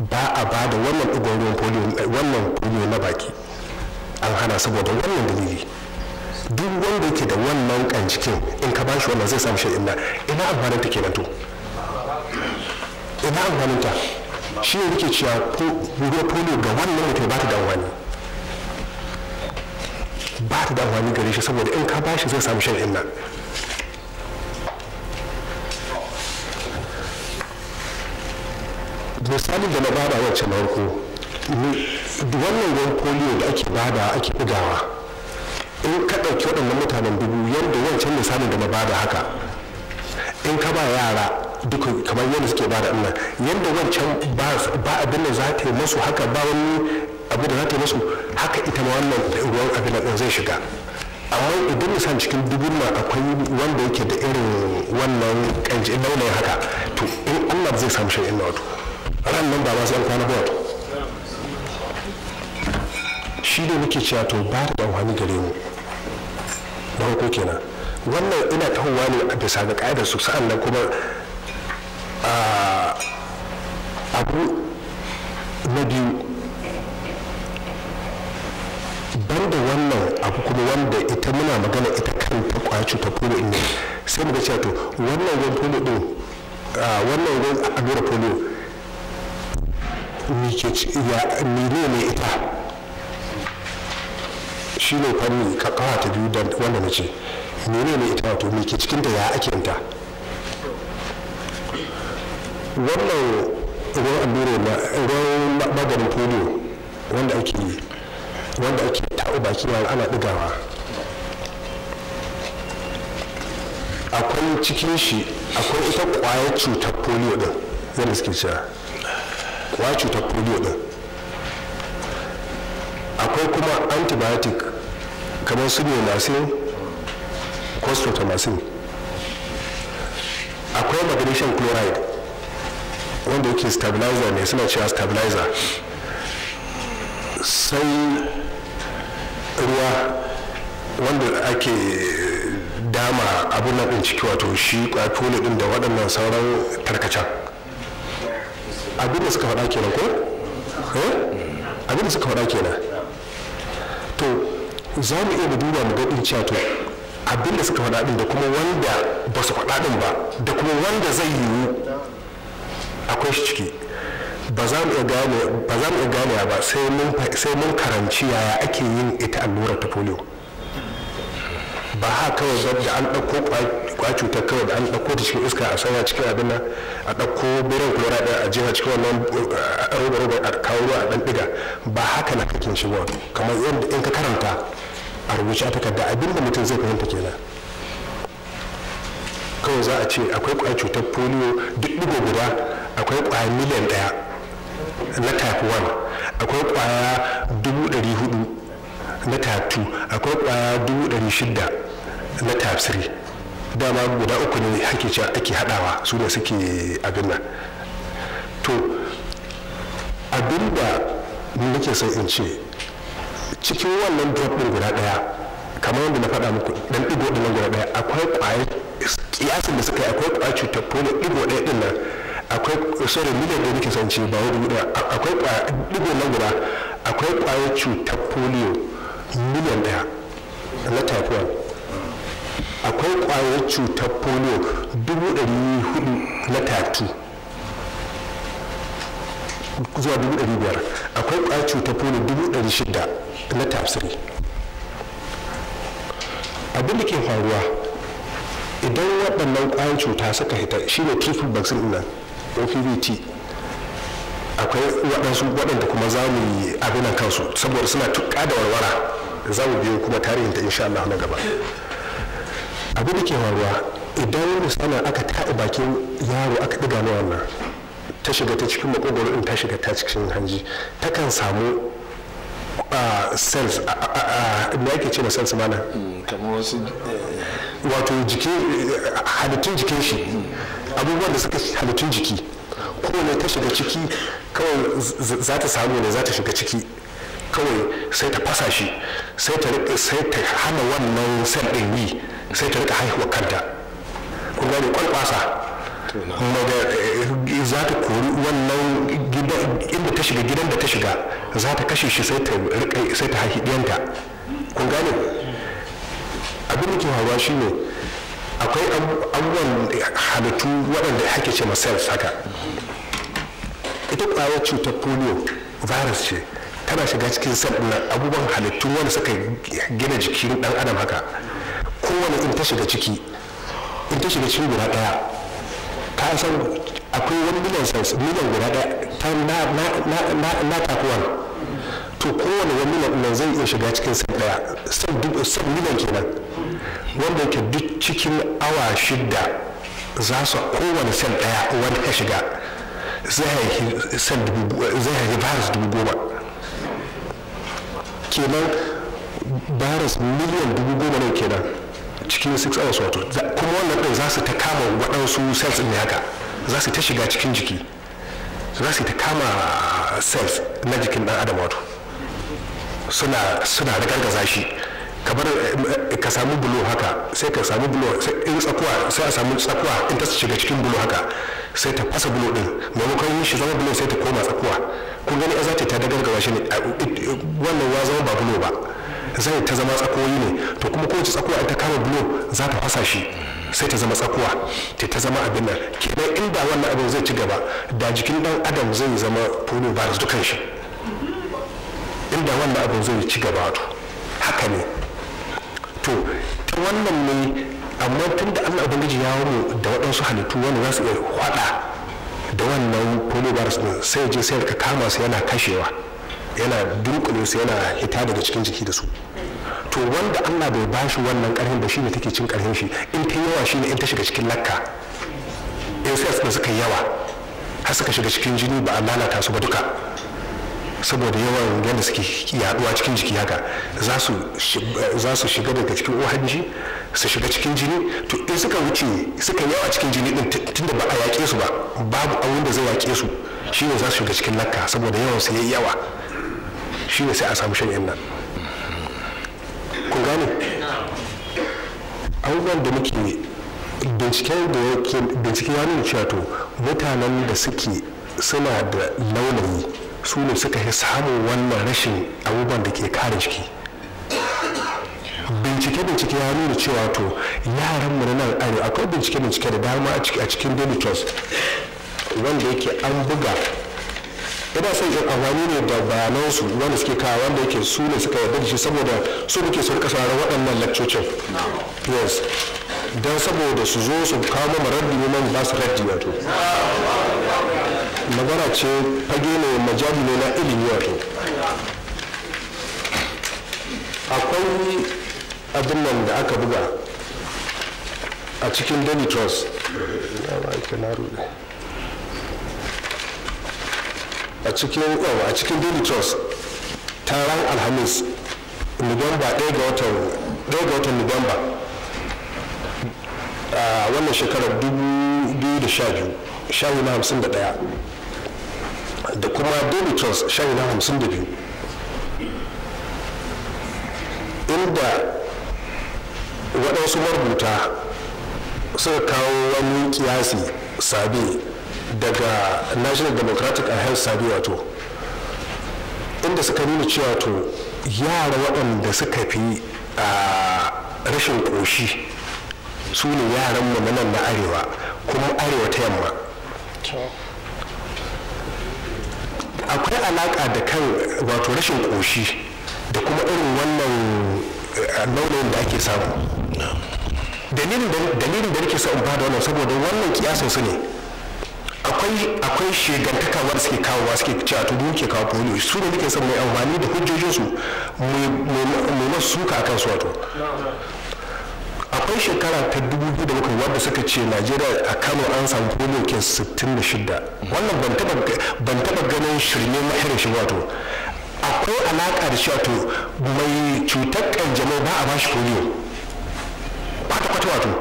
ba a ba da wannan ɗigon ruwan polio wannan polio na baki an hana saboda wannan dalili duk wanda yake da wannan kancikin in ka bashi wannan zai samu shi illa ina amfanin ta kenan to ina amfanin ta shi ne yake cewa ruwan polio ga wannan mutum ba ta da amfani ba ta da amfani gare shi saboda in ka bashi zai samu shan inna misalin da na bada wacce na farko wannan ruwan polio da ake bada ake bugawa in ka ɗauki waɗannan mutanen dubu yadda wancan misalin da na bada haka in ka ba yara duka kamar yadda suke bada ina yadda wancan ba abin da za ta yi masu haka ba wani abu da za ta musu haka ita ma wannan ruwan abin nan zai shiga amma idan misali cikin dubun ma akwai wanda yake da irin wannan kanji launin haka to in allah zai samu shi na wato ran nan ba ma sai an kwana ba shi ne muke cewa to ba da amfani gare mu na hukun kenan wannan ina tahowa ne a bisa ga ƙa'idar su sa'an nan kuma ah, abu na biyu wannan abu kuma wanda ita muna magana ita kanta kwaya cutar polio ɗin sai muka cewa to wannan ruwan polio ɗin wannan ruwan allurar polio mene ne ita shi ne fanni ka kawa ta biyu da wanda na ce mene ne ita wato me ke cikinta ya ake ta wannan ruwan allurar na ruwan maganin polio wanda ake yi wanda ake taɓa baki na ana ɗigawa akwai cikin shi akwai ita kwaya cutar polio ɗin zan suke cewa kwaya cutar polio ɗin akwai kuma antibiotic kamar su ne masu costotamacin akwai magnesium chloride wanda yake stabilizer ne suna cewa stabilizer sai ruwa wanda ake dama abin na din ciki wato shi kwafole din da waɗannan sauran tarkacen abin da suka faɗa kenan ko eh? abin da suka faɗa kenan to za mu iya duba mu gaɗin cewa to abin da suka faɗa ɗin da kuma wanda ba su faɗa ɗin ba da kuma wanda zai yiwu akwai shi ciki ba za mu iya gane ba sai mun karanci yaya ake yin ita allurar ta polio ba ha kawai da an ɗauko kwacutar kawai da an ɗauko ta cikin iska a sauya cikin abin nan a ɗauko biran kura ɗaya a jiha cikin wannan rubar-rubar a kawo ruwa a ɗan ɗiga ba haka na kakin shi ba kamar yadda in ka karanta a rubuce a takarda abin da mutum zai fahimta kenan kawai za a ce akwai kwaya cutar polio duk ɗigo guda akwai kwaya miliyan ɗaya na type 1 akwai kwaya 400 na type 2 akwai kwaya 600 na type 3 dama guda uku ne ake cewa ake hadawa su da suke abin nan to abin da nake son in ce cikin wannan drop din guda daya kamar yadda na faɗa muku dan ɗigo ɗin guda daya akwai kwaya kiyasin da suka yi akwai kwaya cutar polio ɗigo ɗaya ɗin nan akwai sorry miliyan da nake san ce ba wani guda akwai digo nan guda akwai kwaya cutar polio miliyan daya na type 1 akwai kwaya cutar polio dubu ɗari hudu na type 2 zuwa dubu ɗari biyar akwai kwaya cutar polio dubu ɗari shida na type 3 abin da ke faruwa idan waɗannan ƙwayar cuta suka hita shine triple vaccine nan opbt akwai waɗansu waɗanda kuma za mu yi abin kansu saboda suna tuƙa da warwara za mu biyo kuma tarihin ta insha Allah na gaba abin da ke faruwa idan sana aka taɓa bakin yaro aka ɗiga na wannan ta shiga ta cikin makogoro in ta shiga ta cikin hanji takan samu cells da yake ce na cells mana hmm, eh, wato jikin eh, halittun jikin shi hmm. abubuwan da suka halittun jiki kowane ta shiga ciki kawai za ta samu ne za ta shiga ciki kawai sai ta fasa shi sai ta hana wannan sel ɗin yi sai ta rika haihuwa kanta kun gane kwalfasa daga eh, za ta kori wannan inda ta shiga gidan da ta shiga za ta kashe shi sai ta haihi ɗiyanta kun gane abin da ke faruwa shi ne akwai abubuwan halittu waɗanda hake ce cells haka ita ƙwayar cutar polio virus ce tana shiga cikin sabbin ɗin abubuwan halittu wanda suka gina jikin ɗan adam haka kowane in ta shiga ciki in ta shiga cikin guda ɗaya ka san akwai wani million cells miliyan guda ɗaya ta na takuwan to kowane wani miliyan zai iya shiga cikin sel ɗaya sel miliyan kenan wanda yake duk cikin awa shida za su kowane sel ɗaya wani ka shiga zai haifi virus dubu goma kenan virus miliyan dubu goma ne kenan cikin 6 hours wato kuma wannan ɗin za su ta kama waɗansu cells ne haka za su ta shiga cikin jiki za su ta kama cells na jikin ɗan adam wato suna ragargaza shi kamar eh, ka samu bulo haka sai ka samu bulo sai in tsakuwa sai a samu tsakuwa in ta shiga cikin bulo haka sai ta fasa bulo din maimakon shi zama bulo sai ta koma tsakuwa kun gani a zata ta dagargawa shi ne wannan ya zama ba bulo ba zai ta zama tsakoyi ne to kuma kowace tsakuwa in ta kama bulo za ta fasa shi sai ta zama tsakuwa ta ta zama abin nan kenan inda wannan abin zai ci gaba da jikin dan adam zai zama polio virus dukan shi inda wannan abin zai ci gaba to haka ne to ta wannan ne amma tun da allah ubangiji ya mu da waɗansu halittu wani za su iya kwaɗa da wannan poliovirus ne sai je sai ka kama su yana kashewa yana dunkule su yana hita daga cikin jiki da su to wanda allah bai ba shi wannan da shi ne take cin karfin shi in ta yawa shi ne in ta shiga cikin lakka in sai da suka yawa har suka shiga cikin jini ba a lalata su ba duka saboda yawan yadda suke yaduwa cikin jiki haka za su shiga daga cikin wahanji su shiga cikin jini to in suka wuce suka yawa cikin jini din tunda ba a yaƙe su ba babu abin da zai yaƙe su shi ne za su shiga cikin lakka saboda yawan su yayi yawa shi ne sai a samu shan nan kun gane abubuwan da muke binciken da yake bincike ya nuna cewa to mutanen da suke suna da launayi su ne suka yi samun wannan rashin abubuwan da ke kare jiki bincike-bincike ya nuna cewa to yaran mu na nan arewa akwai bincike-bincike da dama a cikin daily trust wanda yake an buga ina son in amfani ne da bayanansu wanda suke kawo wanda yake su ne suka yarda da shi saboda su muke sun kasara waɗannan lakcocin yes don saboda su zo su kawo mara raddi ne man ba su raddi wato magana ce fage ne majali na ilimi wato akwai abin nan da aka buga a cikin daily trust a cikin yawa a cikin daily trust taron alhamis nuwamba 1 ga watan ɗaya ga watan nuwamba a wannan shekarar 2011 shayi na 51 da kuma david trust shayi na hamsin da biyu inda waɗansu marubuta suka kawo wani kiyasi sabi daga national democratic health sabi wato inda suka nuna cewa to yara waɗanda suka fi a rashin ƙoshi su ne yaran mu na arewa kuma arewa ta yamma akwai alaka da kan wato rashin koshi da kuma irin wannan launin eh, da ake samu dalilin da nake son ba da wannan saboda wannan kiyasin su ne akwai shegantaka da suke kawo kawowa suke cewa to ke kawo polio su ne muke son mai amfani da hujjojinsu mai masu suka akan su wato akwai shekara ta biyu da bakwai wadda suka ce najeriya a kano an samu polio ke 66 wannan ban taba ganin shirme mahirin shi wato akwai alaka da cewa to mai cutar kanjamau ba a bashi polio kwata-kwata wato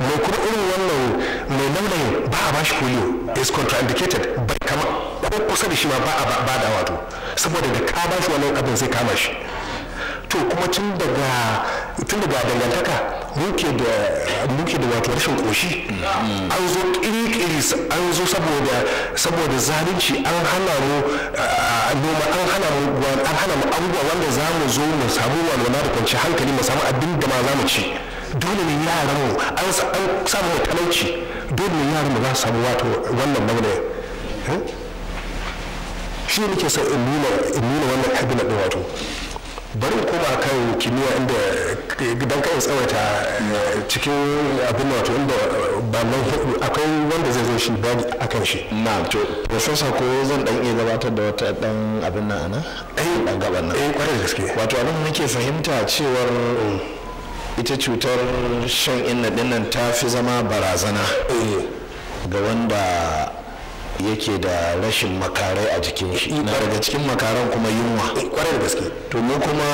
mai kuma irin wannan mai launayin ba a bashi polio is contraindicated bai kama ko kusa da shi ma ba a da wato saboda da ka bashi wannan abin sai kama shi to kuma tun daga dangantaka muke da muke da wato rashin koshi an zo kiri-kiri an zo saboda saboda zalunci an hana mu noma an hana mu an hana mu abubuwa wanda za mu zo mu samu walwala da kwanci hankali mu samu abin da ma za mu ci dole ne yaran mu an samu talauci dole ne yaran mu za su samu wato wannan magana hmm? shi ne ke sa in nuna wannan abin da wato bari koma kan kimiyya inda gidan kan tsawata eh, cikin abin wato inda ba nan akwai wanda zai zo shi ba a kan shi na to professor ko zan dan iya gabatar da wata dan abin nan ana eh dan gaban nan eh kwarai gaske wato abin nake fahimta cewar ita cutar shan inna dinnan ta fi zama barazana eh. ga wanda yake da rashin makarai a jikin shi na daga cikin makaran kuma yunwa eh, Kwarai da gaske to mu kuma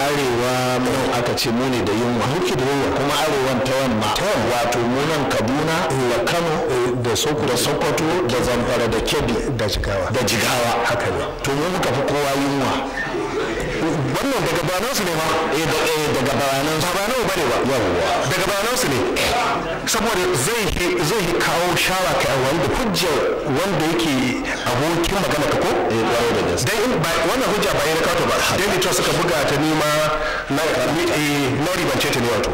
arewa mun aka ce mu ne da yunwa muke da yunwa kuma arewan ta yamma wato mu nan kaduna eh, da kano eh, da sokoto da zamfara da kebbi da jigawa da jigawa haka ne to mu muka fi kowa yunwa wannan daga bayanan su ne ma eh, eh daga bayanan su ba nawa bane ba yawwa daga bayanan su ne saboda zai zai kawo shara ka wanda hujja wanda yake abokin magana ka ko eh kwarai da gaske dan wannan hujja ba yana kawo ba dan litro suka buga ta nima na eh na ribance ta ne wato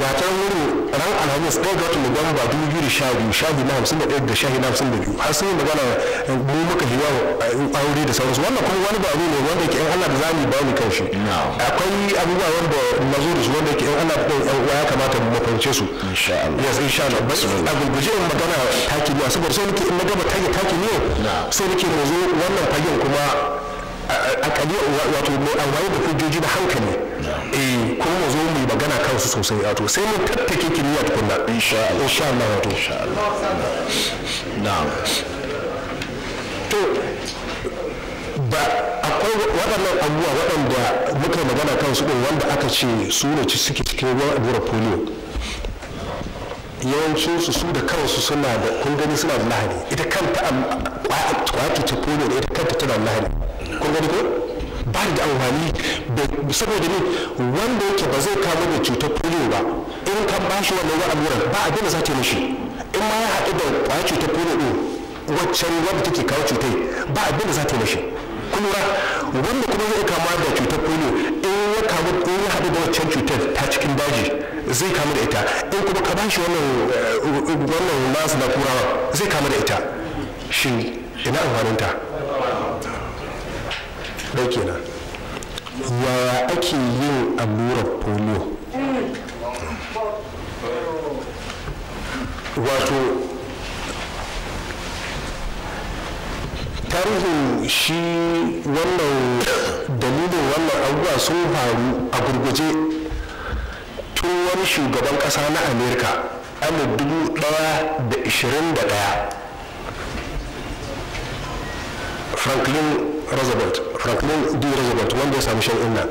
ga ta wuri ran alhamis ɗaya ga watan nuwamba dubu biyu da sha na hamsin da ɗaya da sha na hamsin da biyu har sun yi magana mu muka yi eh, aure da sauransu wannan kuma wani ba abu ne wanda ke in Allah da zamu misali ba ni kanshi akwai abubuwa wanda na zo da su wanda ke in ana buɗe ya kamata mu mafance su yes insha Allah bai a gurguje in magana taki ne saboda sai nake in na gaba taki taki ne sai nake mu zo wannan fagen kuma a kadi wato mai amfani da hujjoji da hankali eh kuma mu zo mu magana kansu sosai wato sai mu tattake kimiyya tukunna insha Allah insha Allah wato insha Allah na'am to ba akwai waɗannan abubuwa waɗanda muka magana kan su ɗin wanda aka ce su ne suke cikin ruwan allurar polio yawancin su su da kansu suna da kun gani suna da lahani ita kanta kwatu ta polio da ita kanta tana da lahani kun gani ko ba da amfani saboda ne wanda yake ba zai kama da cutar polio ba in kan ba shi wannan abubuwa ba abin da za ta mishi in ma ya haɗu da kwayar cutar polio ɗin waccan wadda take kawo cutai ba abin da za ta mishi kuma wanda kuma zai kama da cutar polio in ya kama in ya haɗu da wancan cutar ta cikin daji zai kama da ita in kuma ka bashi wannan eh, wannan nasu na turawa zai kama da ita shin ina amfaninta ɗau kenan yaya ake yin allurar polio wato tarihin shi wannan dalilin wannan abubuwa sun faru a gurguje tun wani shugaban kasa na amerika ana dubu daya da ishirin da daya franklin roosevelt franklin d roosevelt wanda ya sami shan inna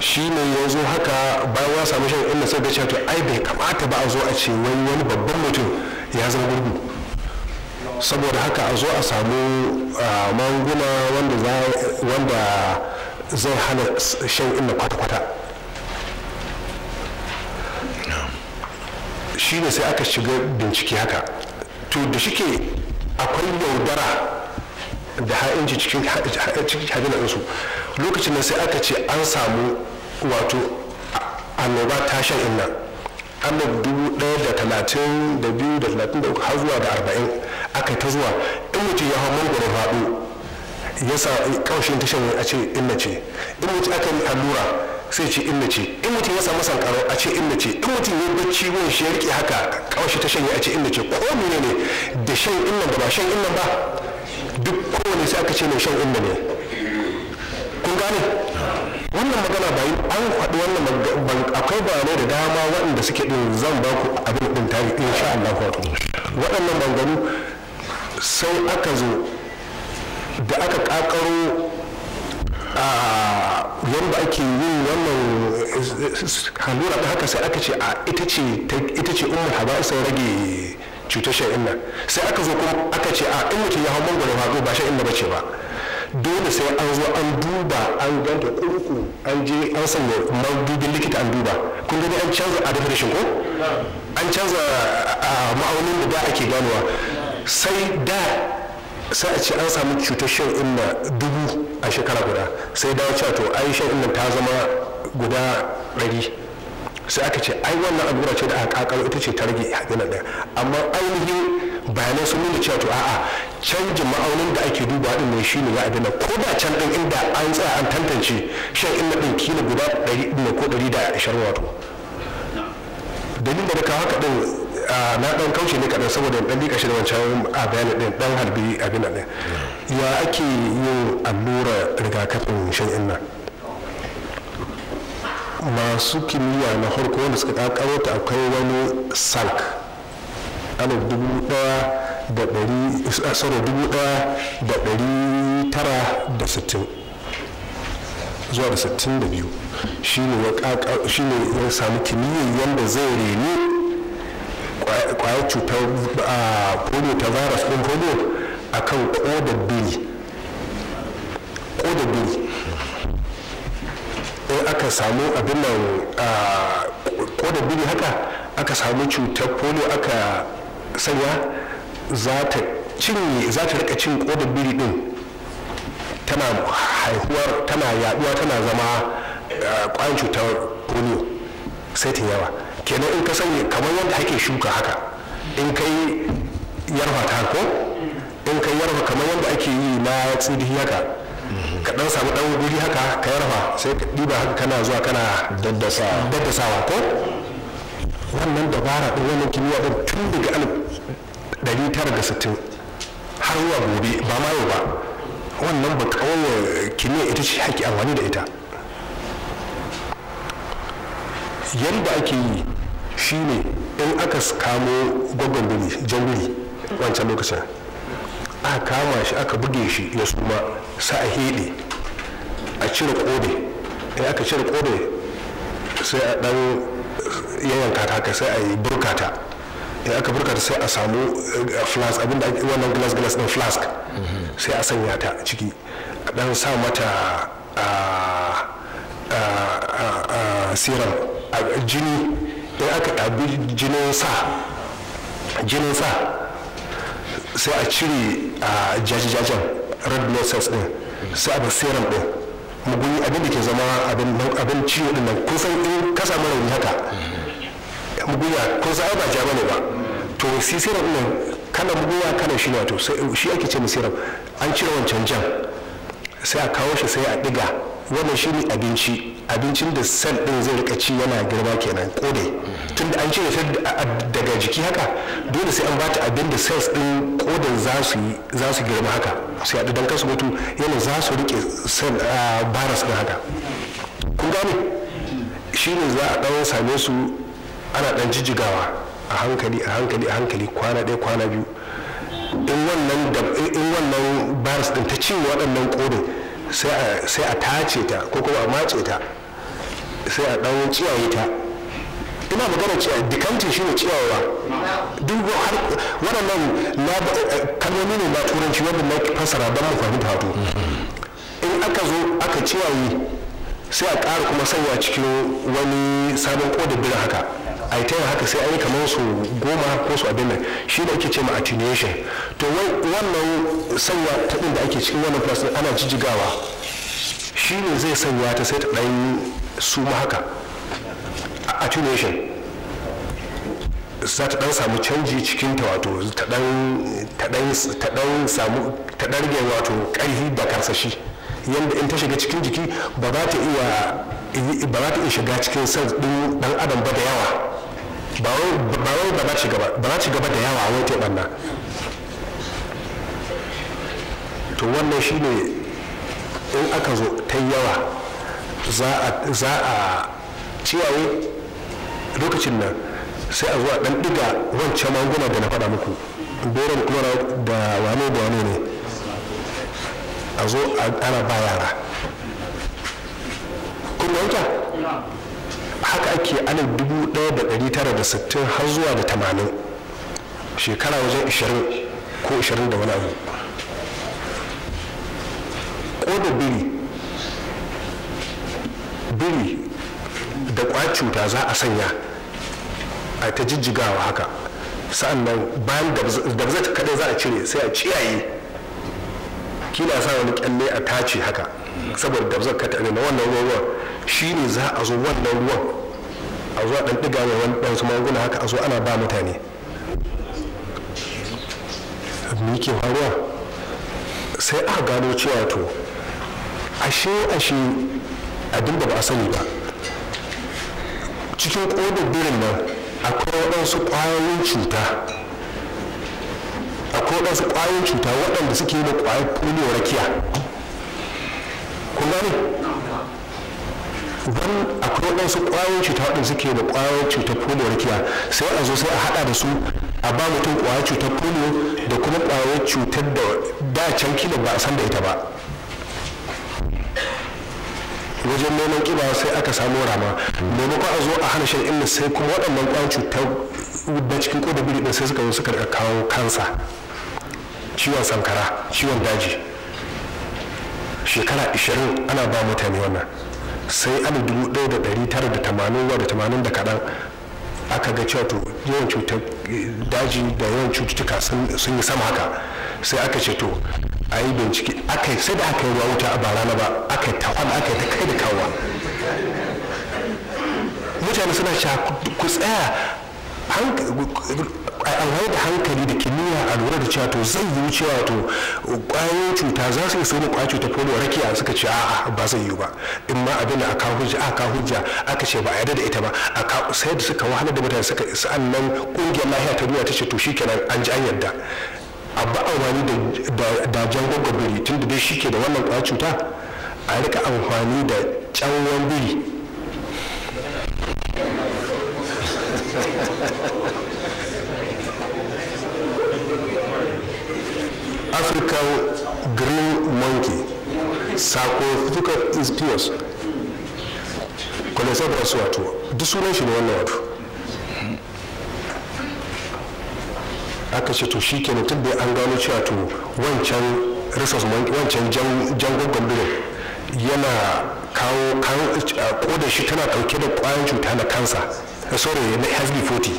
shi ne ya zo haka bayan ya sami shan inna sai da cewa ai bai kamata ba a zo a ce wani babban mutum ya zama gurgu saboda haka a zo a samu manguna wanda zai hana shan inna kwata-kwata shi ne sai aka shiga bincike haka to da shike akwai yaudara da ha'inci cikin hajjinansu lokacin da sai aka ce an samu wato annoba ta shan inna annab dubu ɗaya da talatin da biyu da talatin har zuwa da arba'in aka ta zuwa in mutum ya hau mangoro faɗo ya sa kaushin tashan a ce in ce in mutum aka yi allura sai ce in ce in mutum ya samu sankaro a ce in ce in mutum ya bacci wani shi ya rike haka kaushin tashan shanye a ce in ce ko ne ne da shan in nan ba shan nan ba duk kowane sai aka ce mai shan nan ne kun gane wannan magana ba an faɗi wannan akwai bayanai da dama waɗanda suke ɗin zan ba ku abin ɗin tarihi sha Allah waɗannan bangaru sai aka zo da aka kakaro a yadda ake yin wannan halura da haka sai aka ce a ita ce umar haba sai rage cutar sha'in nan sai aka zo kuma aka ce a in mutum ya hau mangwaro hago ba sha'in ba ce ba dole sai an zo an duba an ganta kurku an je an sanya madubin likita an duba kun gani an canza a da ko an canza ma'aunin da da ake ganowa sai da sai a ce an samu cutar shan inna dubu a shekara guda sai da wacce to ai shan inna ta zama guda ɗari sai aka ce ai wannan allura ce da aka kakaro ita ce ta rage haɗina ɗaya amma ainihin bayanai sun nuna cewa to a'a canjin ma'aunin da ake duba din ne shine za a dina ko da can din inda an tsaya an tantance shan inna din kila guda ɗari ne ko ɗari da ashirin wato dalilin da ka haka din na dan kaushe ne kadan saboda dan shida shi da wancan a bayan din dan harbi abin nan ya ake yin allura rigakafin shan'in nan masu kimiyya na harko wanda suka kakaro ta akwai wani salk alif dubu daya da dari dubu daya da dari tara da sittin zuwa da sittin da biyu shi ne ya samu kimiyyar yadda zai reni kwayar cutar ah, polio ta virus ɗin polio a kan kodar biri kodar biri in aka samu abin nan kodar ah, biri haka aka samu cutar polio aka sanya za ta cinye za ta rika cin kodar biri din tana haihuwar tana yaduwa tana zama kwayan ah, cutar polio sai ta yawa kenan in ka sauye kamar yadda ake shuka haka in ka yi yarfa ta ko in ka yarfa kamar yadda ake yi na tsidi haka ka dan samu dan guri haka ka yarfa sai ka diba haka kana zuwa kana daddasawa daddasawa ko wannan dabara din wannan kimiyya din tun daga alif dari tara da sittin har zuwa gobe ba ma yau ba wannan ba kawai kimiyya ita ce haƙi amfani da ita yadda ake yi shine in aka kamo gwaggon biri janguri wancan lokacin aka kama shi aka buge shi ya suma sa a hede a cire kode in aka cire kode sai a dan yawan kaka sai a yi burkata in aka burkata sai a samu eh, flask abinda ake wannan glass glass din flask sai a sanya ta ciki a dan sa mata a ah, ah, ah, a jini in aka ɗabi jinin sa jinin sa sai a cire a jajajajen red blood cells din sai a bar serum din muguni abin da ke zama abin ciwo din nan kun san in ka samu rauni haka muguniya kun san ai ba ja bane ba to sai serum din kana mugun muguniya kana shi wato shi ake ce serum an cire wancan jan sai a kawo shi sai a diga wannan shi ne abinci abincin da sel din zai rika ci yana girma kenan kodai tun da an ce ta daga jiki haka dole sai an bata abin da cells din kodan za su girma haka su adu don kasu mutu yana za su rike virus din haka kun gane shi ne za a ɗan same su ana ɗan jijigawa a hankali a hankali a hankali kwana ɗaya kwana biyu in wannan virus din ta ci waɗannan kodin sai a tace ta ko kuma a matse ta sai a ɗan ciyaye ta ina magana ciyaye dikanci shi ne ciyawa duk har waɗannan kalmomi ne na turanci wanda na fasara don mu fahimta to in aka zo aka ciyaye sai a ƙara kuma sauwa cikin wani sabon kodin bira haka a yi taimaka haka sai a yi kamar su goma ko su abin nan shi da ake ce ma attenuation to wannan sauwa ta ɗin da ake cikin wannan plastic ana jijigawa shi ne zai sauwa ta sai ta ɗan su ma haka attenuation za ta ɗan samu canji cikin ta wato ta ɗan samu ta wato ƙarfi ba karsashi yadda in ta shiga cikin jiki ba za ta iya ba za ta iya shiga cikin sel din dan adam ba da yawa ba wai ba za shiga ba za shiga ba da yawa a wata ɓanna to wannan shine in aka zo ta yawa za a a ciyaye lokacin nan sai a zuwa dan diga wancan magunguna da na faɗa muku doron kuma da wane da wane ne a zo a ana ba yara kun wata haka ake alif dubu ɗaya da ɗari tara da sittin har zuwa da tamanin shekara wajen ishirin ko ishirin da wani abu ko da biri biri da cuta za a sanya a ta jijjigawa haka sa'an nan bayan da kaɗai za a cire sai a ciyaye kila sa wani kyalle a tace haka saboda da zaka ta na wannan ruwan shi ne za a zo wannan ruwan a zo a ɗan ɗiga mai wani su maguna haka a zo ana ba mutane me ke faruwa sai aka gano cewa to ashe ashe abin da ba a sani ba cikin kodin birnin nan akwai waɗansu ƙwayoyin cuta akwai wasu ƙwayoyin cuta waɗanda suke da ƙwayar polio rakiya kun gane don akwai wasu ƙwayoyin cuta waɗanda suke da ƙwayoyin cutar polio rakiya sai a zo sai a haɗa da su a ba mutum ƙwayar cutar polio da kuma ƙwayar cutar da da can kila ba a san da ita ba wajen neman kiba sai aka samu rama maimakon a zo a hana shan illa sai kuma waɗannan ƙwayar cutar da cikin ƙoda biri ɗin sai suka zo suka kawo kansa ciwon sankara ciwon daji shekara 20 ana ba mutane wannan sai ana da ɗari tara da tamanin tamanin da da kaɗan aka ga cewa to yawan cutar daji da yawan cututtuka sun yi sama haka sai aka ce to a yi bincike aka sai da aka yi ruwa wuta a bara na ba aka yi tafan aka yi ta kai da kawowa mutane suna sha ku tsaya alhawar da hankali da kimiyya a lura da cewa to zai yi cewa to kwayoyin cuta za su yi sauri kwayoyin cuta polio rakiya suka ce a'a ba zai yiwu ba in ma abin da aka hujja aka hujja aka ce ba a yarda da ita ba aka sai da suka wahala da mutane suka sa'annan kungiyar lahiya ta duniya ta ce to shikenan an ji an yarda a ba amfani da dajen gwagwabiri tun da dai shi ke da wannan kwayar cuta a rika amfani da canwan biri African green monkey sarcophagus ispios colesabrus wato duk sunan shi ne wannan wato aka ce to shi kenan tun da an gano cewa to wancan resource monkey wancan jangon gwambirin yana kawo eh, kodar shi tana dauke da kwayan cuta na kansa Eh, sorry na hb40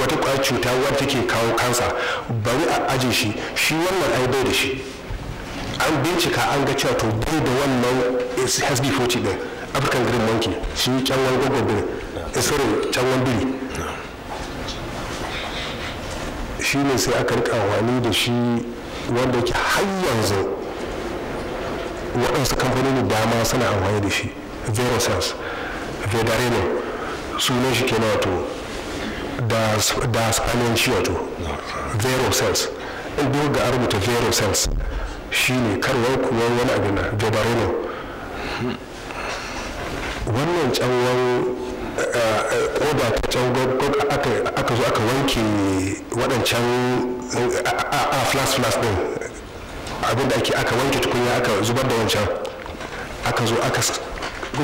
wata kwayar cuta wadda take kawo kansa bari a ajin shi shi wannan ai bai da shi an bincika an ga cewa to bai da wannan hb40 din african green monkey shi kyanwan gogon a eh, sorry kyanwar biri shi ne sai aka rika wani da shi wanda ke har yanzu waɗansu kamfanoni dama suna amfani da shi verosans vedareno sunan shi kenan wato daspananci wato zero cells in duk ga rubuta zero cells shi ne karwar kuma wani abin na vebarino wannan tsawon koda eh, eh, ta tsawon aka zo aka wanke waɗancan eh, a flas flas din abinda ake aka wanke tukunya aka zubar da wancan aka zo aka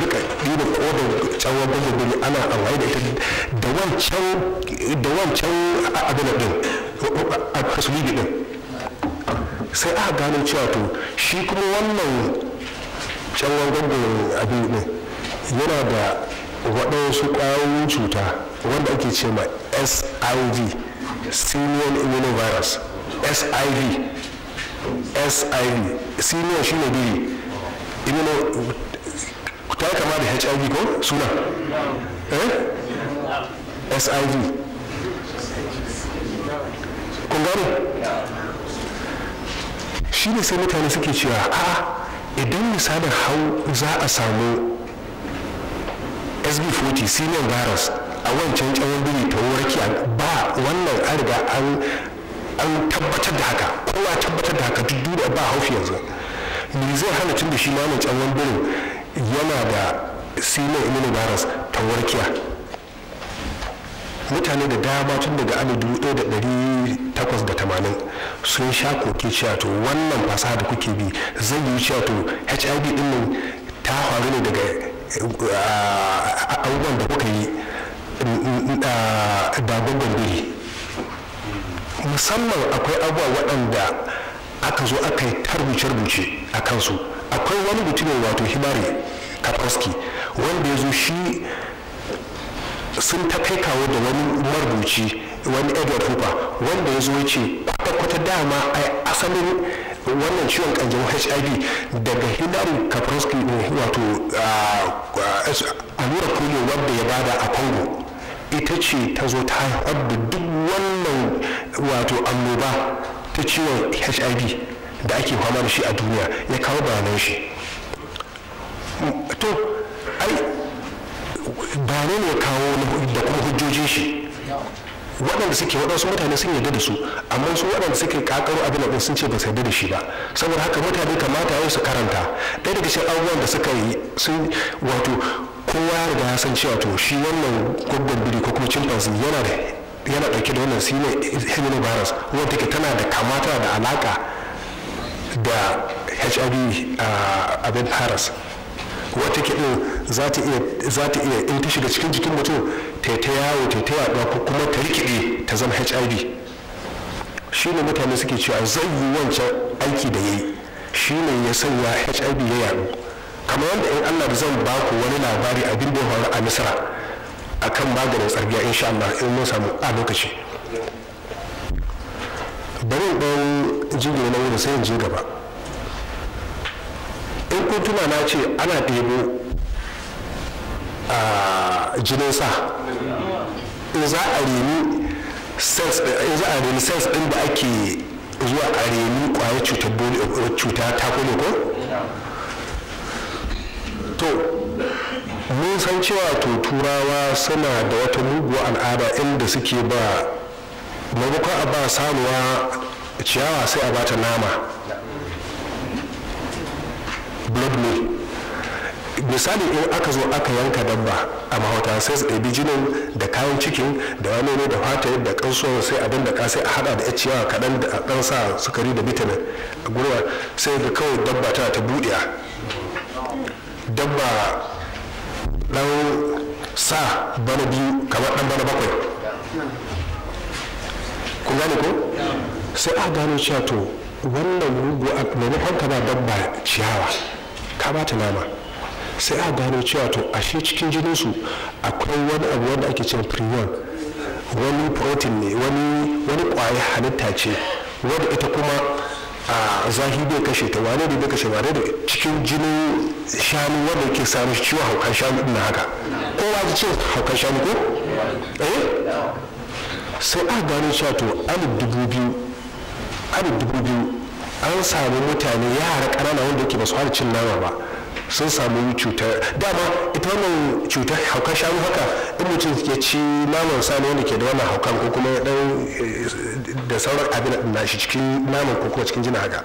rika ɗiba kodin tsawon bazabili ana amfani da ita da wancan da wancan abin din a kasuwa din sai aka gano cewa to shi kuma wannan tsawon gwagwarin abin ne yana da waɗansu ƙwayoyin cuta wanda ake ce ma siv simian immunovirus siv siv simian shi ne biri ta kama da hiv ko suna eh siv kun shi ne sai mutane suke cewa a idan misalin hau za a samu sb40 senior virus a wancan tsawon biri ta warki ba wannan an an tabbatar da haka kowa tabbatar da haka duk da ba haufi yanzu me zai hana tun da shi ma mai tsawon birin yana da silin virus ta warkiya mutane da dama tun daga ali dubu ɗaya da ɗari takwas da tamanin sun sha koke cewa to wannan fasaha da kuke bi zai yi cewa to hiv din nan ta faru ne daga ah, abubuwan da kuka yi ah, da gwagwan biri musamman akwai abubuwa waɗanda aka zo aka yi tarbuce-rubuce a kansu akwai wani mutumin wato himari kapaski wanda ya zo shi sun ta kai kawo da wani marubuci wani edward hooper wanda ya zo ya ce kwata-kwata dama a asalin wannan ciwon kanjamau hiv daga hillary kapaski wato allurar polio wadda ya bada a congo ita ce ta zo ta haifar da duk wannan wato annoba ta ciwon hiv da ake fama da shi a duniya ya kawo bayanan shi to ai bayanan ya kawo da kuma hujjojin shi waɗanda suke waɗansu mutane sun yarda da su amma su waɗanda suke kakaro abin da sun ce ba su yarda da shi ba saboda haka mutane kamata yau su karanta ɗaya daga cikin abubuwan da suka yi sun wato kowa ya riga ya san cewa to shi wannan gwaggon biri ko kuma chimpanzee yana da yana ɗauke da wannan sinai heminovirus wanda take tana da kamata da alaƙa da hiv abin haras wata kiɗin za ta iya in ta shiga cikin jikin mutum ta ta yawo ta ta ko kuma ta rikide ta zama hiv shi ne mutane suke cewa zai yi wancan aiki da ya yi shi ne ya sanya hiv ya yaɗu kamar yadda in allah zan ba ku wani labari abin da ya faru a misra akan maganin tsargiya insha allah in mun samu a lokaci bari ɗan jirgin na wuri sai je gaba in kun na ce ana ɗebo a ah, jinin sa in za a remi sels ɗin da ake zuwa a remi ƙwayar cuta ta kone ko to mun san cewa to turawa suna da wata muguwa al'ada inda suke ba maimakon a ba samuwa ciyawa sai a bata nama blood meal misali in aka zo aka yanka dabba a mahauta sai su ɗabi jinin da kayan cikin da wani ne da fata da kansuwan sai a ka sai a hada da ciyawa kaɗan da a ɗan sa sukari da bitamin a gurwa sai da kawai dabba tana ta buɗiya dabba ɗan sa bana biyu kamar ɗan bana bakwai kun gane ko sai a gano cewa to wannan mugu a maimakon ka ba dabba ciyawa ka ba ta nama sai a gano cewa to ashe cikin jininsu akwai wani abu wanda ake cin prion wani protein ne wani kwaya halitta ce wadda ita kuma a zahi bai kashe ta wane da bai kashe wane da cikin jinin shanu wanda ke samun ciwon haukan shanu na haka kowa ji ce haukan shanu ko eh sai aka gano shato to alif dubu biyu alif dubu biyu an sami mutane yara ƙanana wanda yake ba su cin nama ba sun samu cutar dama ita wannan cutar hauka shanu haka in mutum ke ci naman sani wanda ke da wannan haukan ko kuma dan eh, da sauran abin na shi cikin naman ko kuma cikin jina haka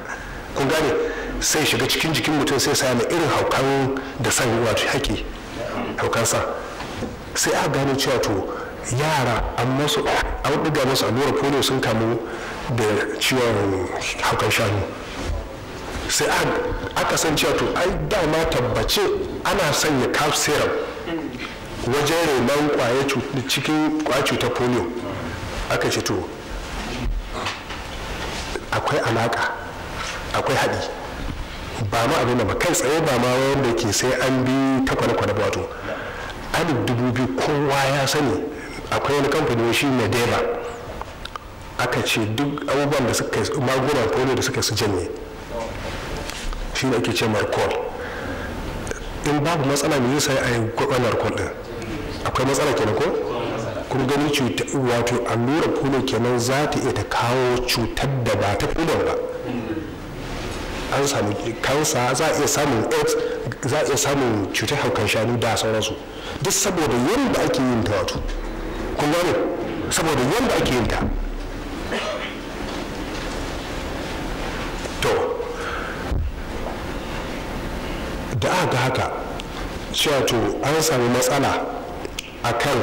kun gane sai shiga cikin jikin mutum sai sami irin haukan da san wato haƙi haukan sa sai aka gano cewa to yara an masu an ɗiga masu allurar polio sun kamu da ciwon haukan shanu sai aka san cewa to ai dama tabbace ana sanya cap serum wajen renon kwaye cikin kwaya cutar polio aka ce to akwai alaka akwai haɗi ba ma abin da ba kai tsaye ba ma wanda ke sai an bi ta kwane ba wato alif dubu biyu kowa ya sani akwai wani kamfani shi medeva aka ce duk abubuwan da suka magunan polio da suka su janye shi ne ake ce marcol in babu matsala mai sai a yi kwaɓar marcol din akwai matsala kenan ko kun gani cuta wato allura polio kenan za ta iya ta kawo cutar da ba ta polio ba an samu kansa za a iya samun aids za a iya samun cutar haukan shanu da sauransu duk saboda yadda ake yin ta wato kun saboda yadda ake yin ta to da aka haka cewa to an sami matsala a kan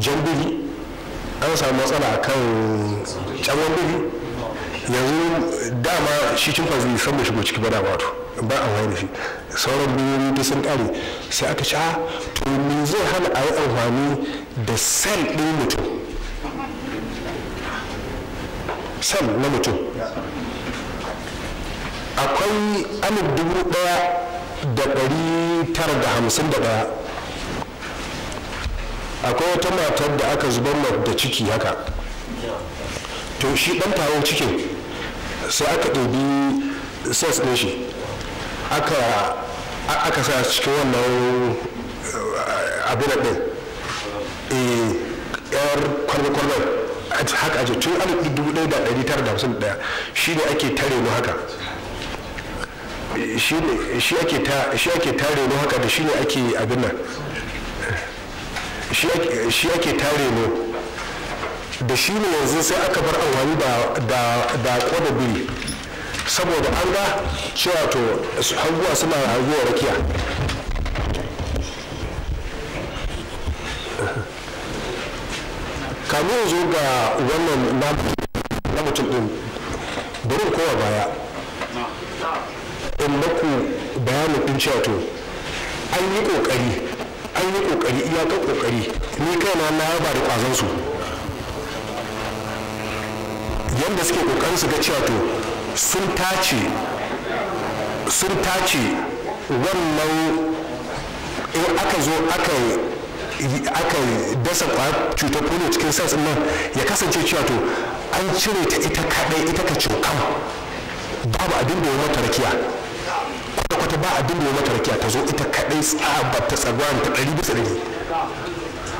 jambiri an sami matsala a kan canwan biri yanzu dama shi cin fazi san shigo ciki ba da wato ba a wayar shi sauran biyoyi da sun kare sai aka ci to me zai hana a yi amfani da sel ɗin mutum sel na mutum akwai alif dubu ɗaya da ɗari tara da hamsin da ɗaya akwai wata matar da aka zubar da ciki haka to shi ɗan taron cikin sai aka ɗabi sas ɗin shi aka sa cikin wannan eh, abin eh, ɗin yar kwalbe ci haka aje tun ɗaya shi ne ake tare mu haka shi ake tare mu haka da shi ne ake abin nan shi ake tare mu da shi ne yanzu sai aka bar amfani da kodabiri saboda an ga cewa to hanguwa suna hanguwa rakiya kamin zo ga wannan na mutum din bari kowa baya in maku bayanin din cewa to an yi kokari an yi kokari iyaka kokari ni kaina na yaba da kwazon su yadda suke kokarin su ga cewa to sun tace sun tace wannan in aka zo aka aka dasa kwayar cutar polio cikin sas nan ya kasance cewa to an cire ta ita kadai ita ka cokam babu abin da ya mata rakiya kwata-kwata ba abin da ya mata rakiya ta zo ita kadai tsabar ta tsagwaran ta ɗari bisa ɗari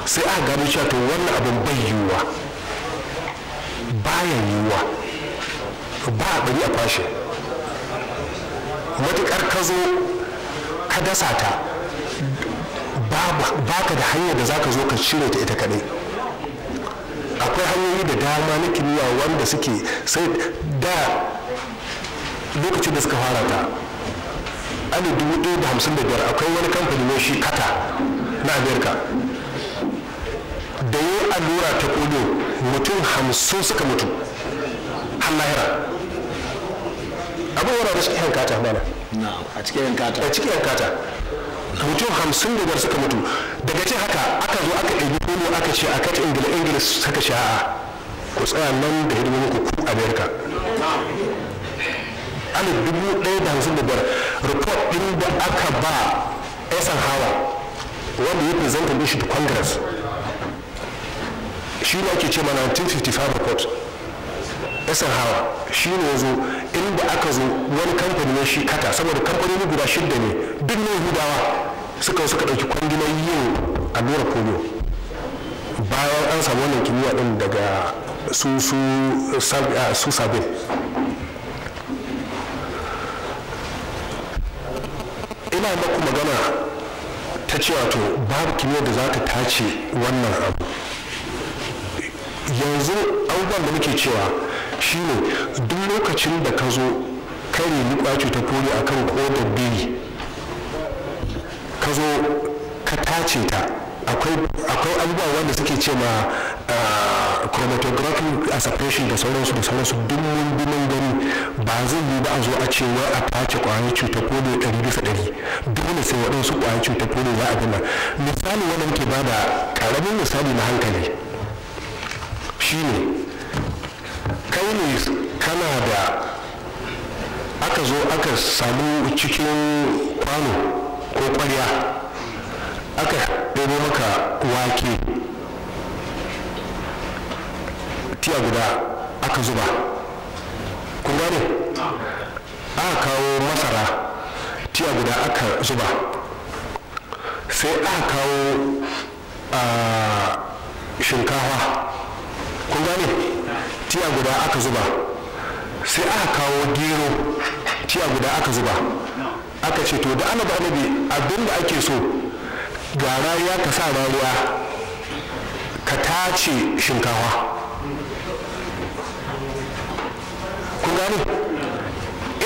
sai aka gano cewa to wannan abin bai yiwuwa baya yiwuwa ba a ɗari a kwashe matuƙar ka zo ka dasa ta ba ka da hanyar da za ka zo ka cire ta ita kaɗai akwai hanyoyi da dama na kimiyya wanda suke sai da lokacin da suka fara ta ana dubu ɗaya da hamsin da biyar akwai wani kamfani ne shi kata na amerika da yi allura ta polio mutum hamsin suka mutu har lahira abin yana da cikin yankata mana a cikin kata a cikin yankata mutum hamsin da suka mutu daga ce haka aka zo aka ɗabi komo aka ce a kata ingila ingila suka ce a'a ku tsaya nan da hidimomin ku ku amerika alif dubu ɗaya da hamsin da biyar report ɗin da aka ba esan hawa wanda ya presentin shi da congress shi ne ake ce ma 1955 report yasan hawa shi ne zo inda aka zo wani kamfani ne shi kata saboda kamfanoni guda shida ne duk ne hudawa suka suka ɗauki kwangilar yin allurar polio bayan an samu wannan kimiyya ɗin daga su su ah, sabin ina maku magana ta cewa to babu kimiyyar da za ta tace wannan abu yanzu abubuwan da muke cewa shine duk lokacin da ka zo kai ne kwaci ta koli a kan kodar biyu ka zo ka tace ta akwai abubuwa wanda suke ce ma ah, chromatography a separation da sauransu da sauransu duk mun bi gani ba zai yi ba a zo a ce wai a tace kwayar cuta polio ɗari bisa ɗari dole sai waɗansu kwayar cuta polio za a gina misali wannan ke ba da ƙaramin misali na hankali shine kai ne kana da aka zo aka samu cikin kwano ko kwarya aka ɗebo maka wake tiya guda aka zuba kun gane aka kawo masara tiya guda aka zuba sai aka kawo ah, shinkafa kun gane tiya guda aka zuba sai aka kawo gero tiya guda aka zuba aka ce to da ana ba annabi abin da ake so ga rariya ka sa rariya ka tace shinkawa kun gane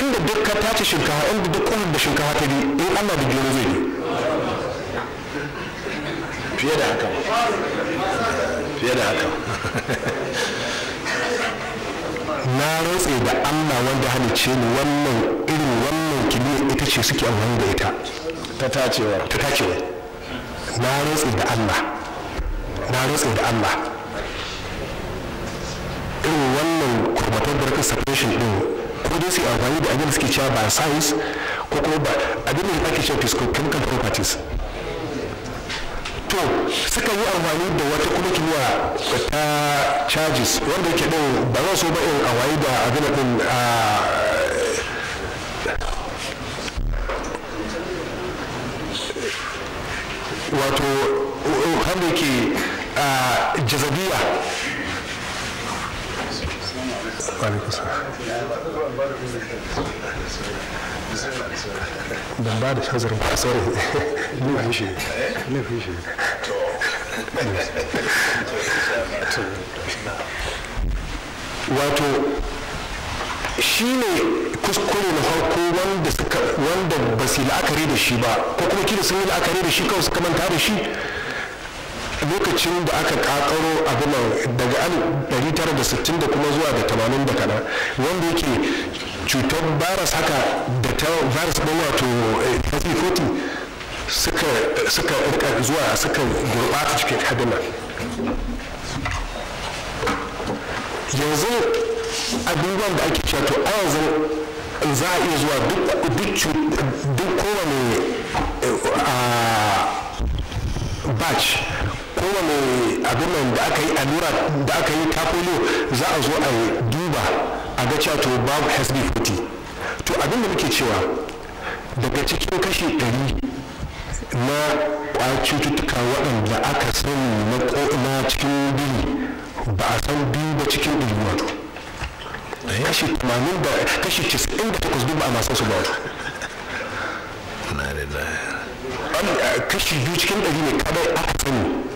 inda duk ka tace shinkawa inda duk kullum da shinkawa ta bi in allah da gero zai fiye da haka fiye da haka na rantse da allah wanda halicce ni wannan irin wannan kiliyar ita ce suke amfani da ita ta tacewa ta tacewa na rantse da allah na rantse da allah irin wannan kurbatar barkar separation din ko dai su amfani da abin da suke cewa ba science ko kuma ba abin da ake cewa physical chemical properties to suka yi amfani da wata kuma kimiyya ta charges wanda yake din ba zan so ba in wayi da abin din a wato wanda yake jazabiya you. ban ba da shazarin ba ne laifin shi laifin shi wato shi ne kuskure na farko wanda suka wanda ba su la'akari da shi ba ko kuma kila sun yi la'akari da shi kawai suka manta da shi lokacin da aka kakaro abinan daga alif tara da sittin da kuma zuwa da tamanin da kana wanda yake cutar baras haka ta virus ɗin wato hb40 eh, suka suka zuwa suka gurɓata cikin hadina yanzu abubuwan da ake cewa to a yanzu za a iya zuwa duk kowane eh, batch kowane abin da aka yi allura da aka yi takolo za a zo a duba a ga cewa to babu hsb 40 to abin da muke cewa daga cikin kashi ɗari na ƙwayar cututtuka waɗanda aka sani na cikin biri ba a san biyu ba cikin ɗari wato kashi tamanin da kashi takwas duk ba a masu su ba wato eh, kashi biyu cikin ɗari ne kadai aka sani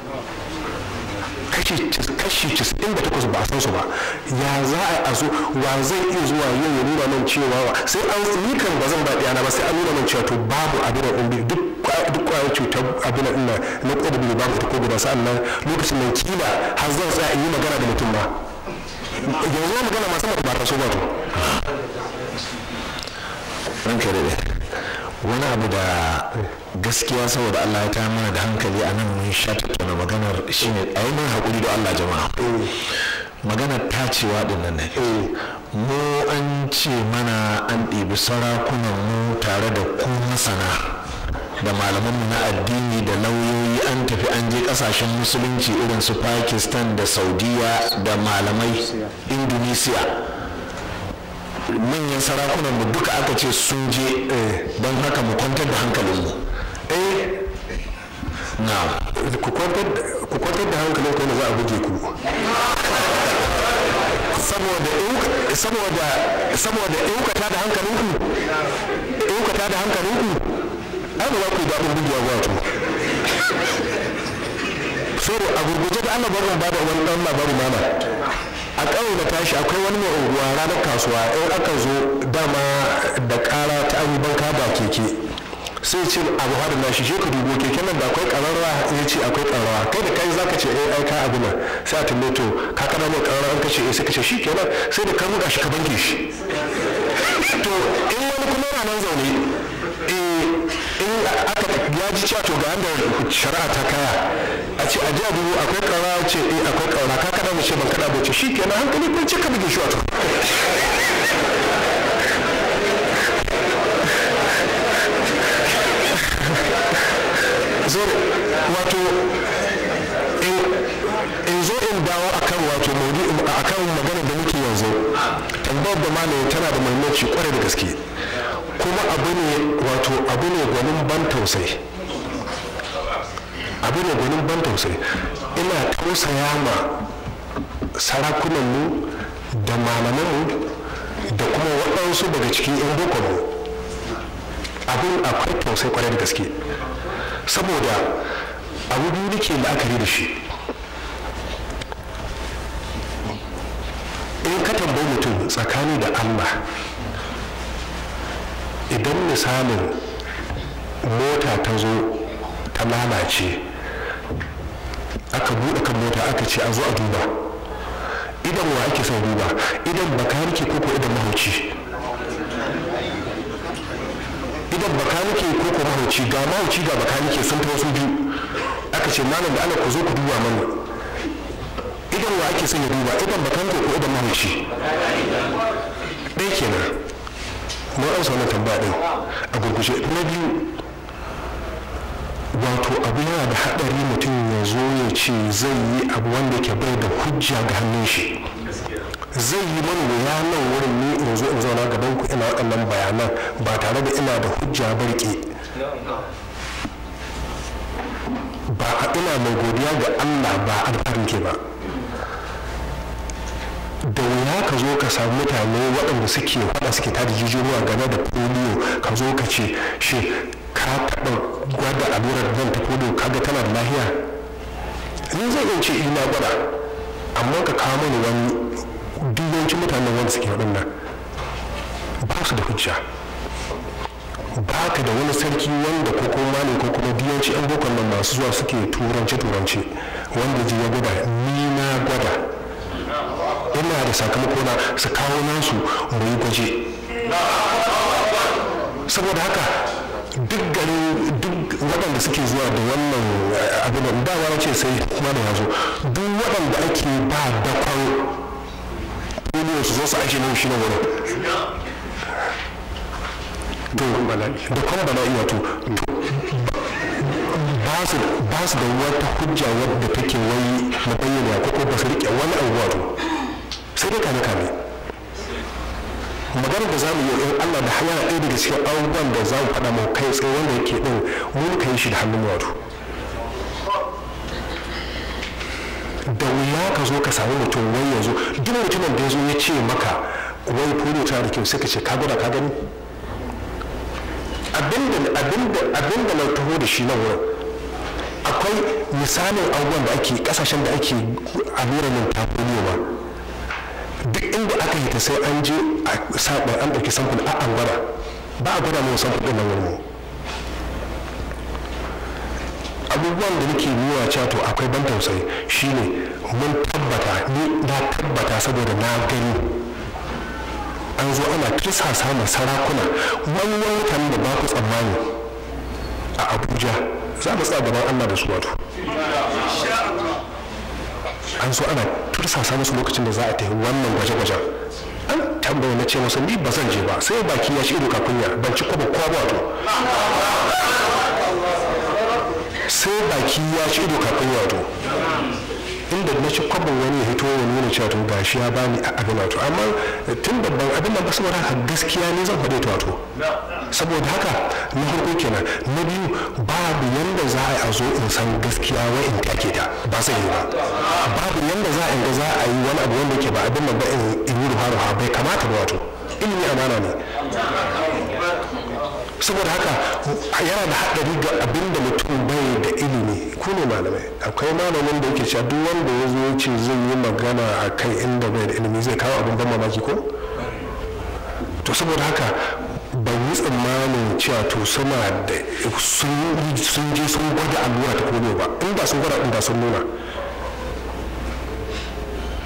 kashi casa'in da takwas ba a san su ba ya za a azo wa zai iya zuwa yau ya nuna min cewa sai an ni kan ba zan ba ɗiyana ba sai an nuna min cewa to babu abin da ɗin duk kwayar cutar abin da ina na ƙudu babu ta ko guda sa'an nan lokacin mai kila har zan tsaya in yi magana da mutum ba yanzu magana masu ba ta so ba to wani abu da gaskiya saboda Allah ya tayar mana da hankali a nan mun sha tattauna maganar shine a yi haƙuri da Allah jama'a maganar tacewa din nan mu an ce mana an ɗibi sarakunan mu tare da ku masana da malaman mu na addini da lauyoyi an tafi an je ƙasashen musulunci irin su pakistan da saudiya da malamai indonesia manyan sarakunan mu duka aka ce sun je eh, don haka mu kwantar da hankalin mu eh na ku kwantar da hankalin ku za a buge ku saboda ɗaukata da in ɗaukata da an ai ba ku daɗin bugewa ba to so a gurguje da Allah barin ba da wani ɗan labarin mana a ƙauye da tashi akwai wani mai unguwa ranar kasuwa in aka zo dama da ƙara ta abubuwan kaba keke sai ce abu hada na shi ka dubo keken nan da akwai ƙararwa ya ce akwai ƙararwa kai da kai zaka ce eh, ai ka abu nan sai a tambaye to ka kana mai ƙararwa an kace eh sai ka ce nan sai da ka buga shi ka banke shi to in wani kuma yana nan zaune eh in aka ya ji cewa to ga da shari'a ta kaya a ce a jiya dubu akwai ƙaura ce eh akwai ƙaura ka kaɗa mace ban kaɗa mace shi kenan hankali kun cika buge shi wato zo wato in zo in dawo akan wato a akan magana da muke yanzu tambayar da malamin tana da muhimmanci kwarai da gaske kuma abu ne wato abu ne gwanin ban tausayi abu da gwanin ban tausayi ina tausaya ma sarakunanmu da malamanmu da kuma waɗansu daga cikin 'yan bokonmu abin akwai tausayi kwarai da gaske saboda abu biyu nake la'akari da shi in ka tambayi mutum tsakani da allah idan misalin mota ta zo ta lalace aka buɗe kan mota aka ce a zo a duba idan wa ake son duba idan bakanike ko ko idan mahauci idan bakanike ko ko mahauci ga mahauci ga bakanike sun ta wasu biyu aka ce malam da alaƙa ku zo ku duba mana idan wa ake son ya duba idan bakanike ko idan mahauci ɗaya kenan mun amsa wannan tambaya ɗin a gurguje na biyu wato abu yana da haɗari mutum ya zo ya ce zai yi abu wanda ke bai da hujja ga hannun shi zai yi mana wuya nan wurin ni in zo in zauna gaban ku ina waɗannan bayanan ba tare da ina da hujja barke ba a ina mai godiya ga allah ba alfarin ke ba da wuya ka zo ka samu mutane waɗanda suke faɗa suke tada jijiyoyi game da polio ka zo ka ce shi ka taɓa gwada allurar zan tafi wani kaga tana da lahiya ni zan iya ce ina eh, gwada amma ka kawo mani wani dubanci mutanen wanda suke waɗannan ba su da hujja ba ka da wani sarki wanda ko kuma ne ko kuma diyanci yan bokon nan masu zuwa suke turance turance wanda ji ya gwada ni na gwada ina da sakamako na su kawo nasu mu yi gwaje saboda haka duk gari duk waɗanda suke zuwa da wannan eh, abin da ba wani ce sai kuma da yazo duk waɗanda ake ba da dakon polio su zo su ake nan shi na wani to da kuma bala'i wato ba su da wata hujja wadda take wai na bayyana ko ba su riƙe wani abu wato sai dai kame kame magana da za mu yi in Allah da haya ɗaya daga cikin abubuwan da za mu faɗa mu kai tsaye wanda yake ɗin mu ka yi shi da hannun wato da wuya ka zo ka samu mutum wai yanzu duk mutumin da ya zo ya ce maka wai polio ta da kyau sai ka ce ka gwada ka gani abin da na taho da shi nan wurin akwai misalin abubuwan da ake kasashen da ake a nuna ta duk inda aka yi ta sai an je a saɓa an ɗauki samfin a an gwada ba a gwada mu samfin ɗin nan mu abubuwan da nake nuna cewa to akwai ban tausayi shine mun tabbata ni na tabbata saboda na gani an zo ana kisa samun sarakuna wani wani da ba ku tsammani a abuja za mu tsaya gaban allah da su wato an so ana tursasa musu lokacin da za a tafi wannan gwaje-gwajen an tambaye na ce musu ni ba zan je ba sai baki ya ci ido kafin ya ban ci kwabo kwaba wato sai baki ya ci ido kafin ya wato inda na ci kwabo wani ya hito ya nuna cewa to gashi ya bani abin wato amma tun babban ban abin nan ba saboda gaskiya ne zan faɗi wato saboda haka na farko kenan na biyu babu yanda za a zo in san gaskiya wa in take ta ba sai ba babu yanda za a ga za a yi wani abu wanda ke ba abin ba in yi ruha ruha bai kamata ba wato ilimi amana ne saboda haka yana da haɗari ga abin da mutum bai da ilimi ku ne malamai akwai malamin da yake cewa duk wanda ya zo ce zai yi magana a kai inda bai da ilimi zai kawo abin ban mamaki ko to saboda haka ban yi tsammanin cewa to suna da sun je sun gwada allura ta kome ba in ba sun gwada in ba sun nuna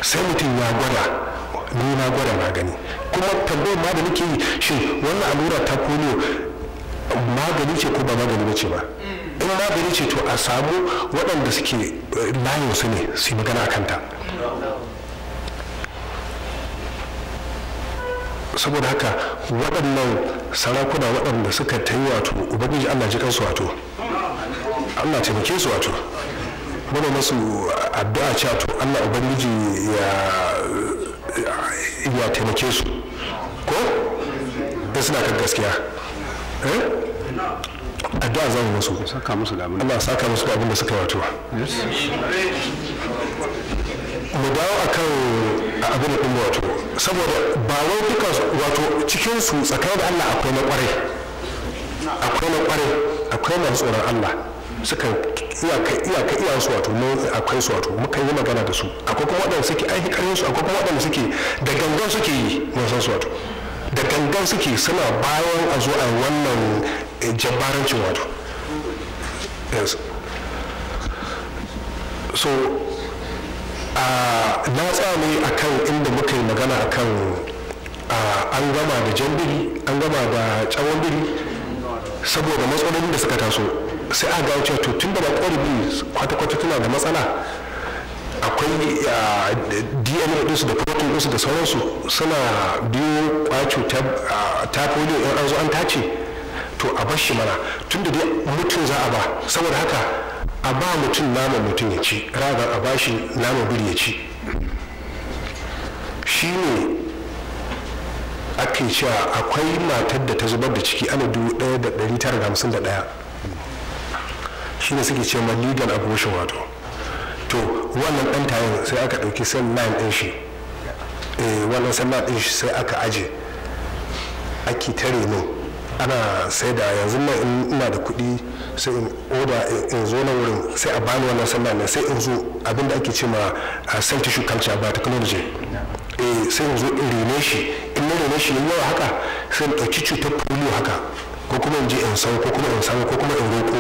sai mutum ya gwada na gwada na gani kuma tambayar ma da nake yi shi wannan allura ta kome magani ce ko ba magani ba ce ba in magani ce to a samu waɗanda suke eh, layo su ne su yi magana a kanta saboda haka waɗannan sarakuna waɗanda suka ta yi wato ubangiji allah ji kansu wato allah taimake su wato muna masu addu'a cewa wato allah ubangiji ya taimake su ko in suna kan gaskiya eh? addu'a za mu musu saka Allah saka musu da abin da suka wato mu dawo akan abin da wato saboda ba wai duka wato cikin su tsakanin da Allah akwai na kwarai akwai na kwarai akwai na tsoron Allah suka iyaka iyaka iya su wato mun akwai su wato muka yi magana da su akwai kuma waɗanda suke aiki ƙarfin su akwai kuma waɗanda suke da gangan suke yi mun san su wato da gangan suke suna bayan a zo a wannan eh, jabbarancin wato so na tsami ne akan inda muka yi magana akan an gama da jan biri an gama da tsawon biri saboda matsalolin da suka taso sai a ga cewa to tun da bakwai biyu kwata-kwata tana da matsala akwai dna ɗinsu da protein ɗinsu da sauransu suna biyo kwacu ta polio in an zo an tace to a bashi mana tun da dai mutum za a ba saboda haka a ba mutum nama mutum ya ci rather a bashi nama biri ya ci shi ne ake cewa akwai matar da ta zubar da ciki ana dubu ɗaya da ɗari tara da hamsin da ɗaya shi ne suke cewa legal abortion wato to wannan ɗan tayin sai aka ɗauki cell line ɗin shi eh, wannan ɗin shi sai aka aje ake tare ne ana sai da yanzu ina da kuɗi sai in oda in zo na wurin sai a bani wannan sallah ne sai in zo abinda ake ce ma ah, san tishu culture ba technology eh sai in zo in rene shi in na rene shi yawa haka sai in ɗauki cutar polio haka ko kuma in je in sau ko kuma in sau ko kuma in roko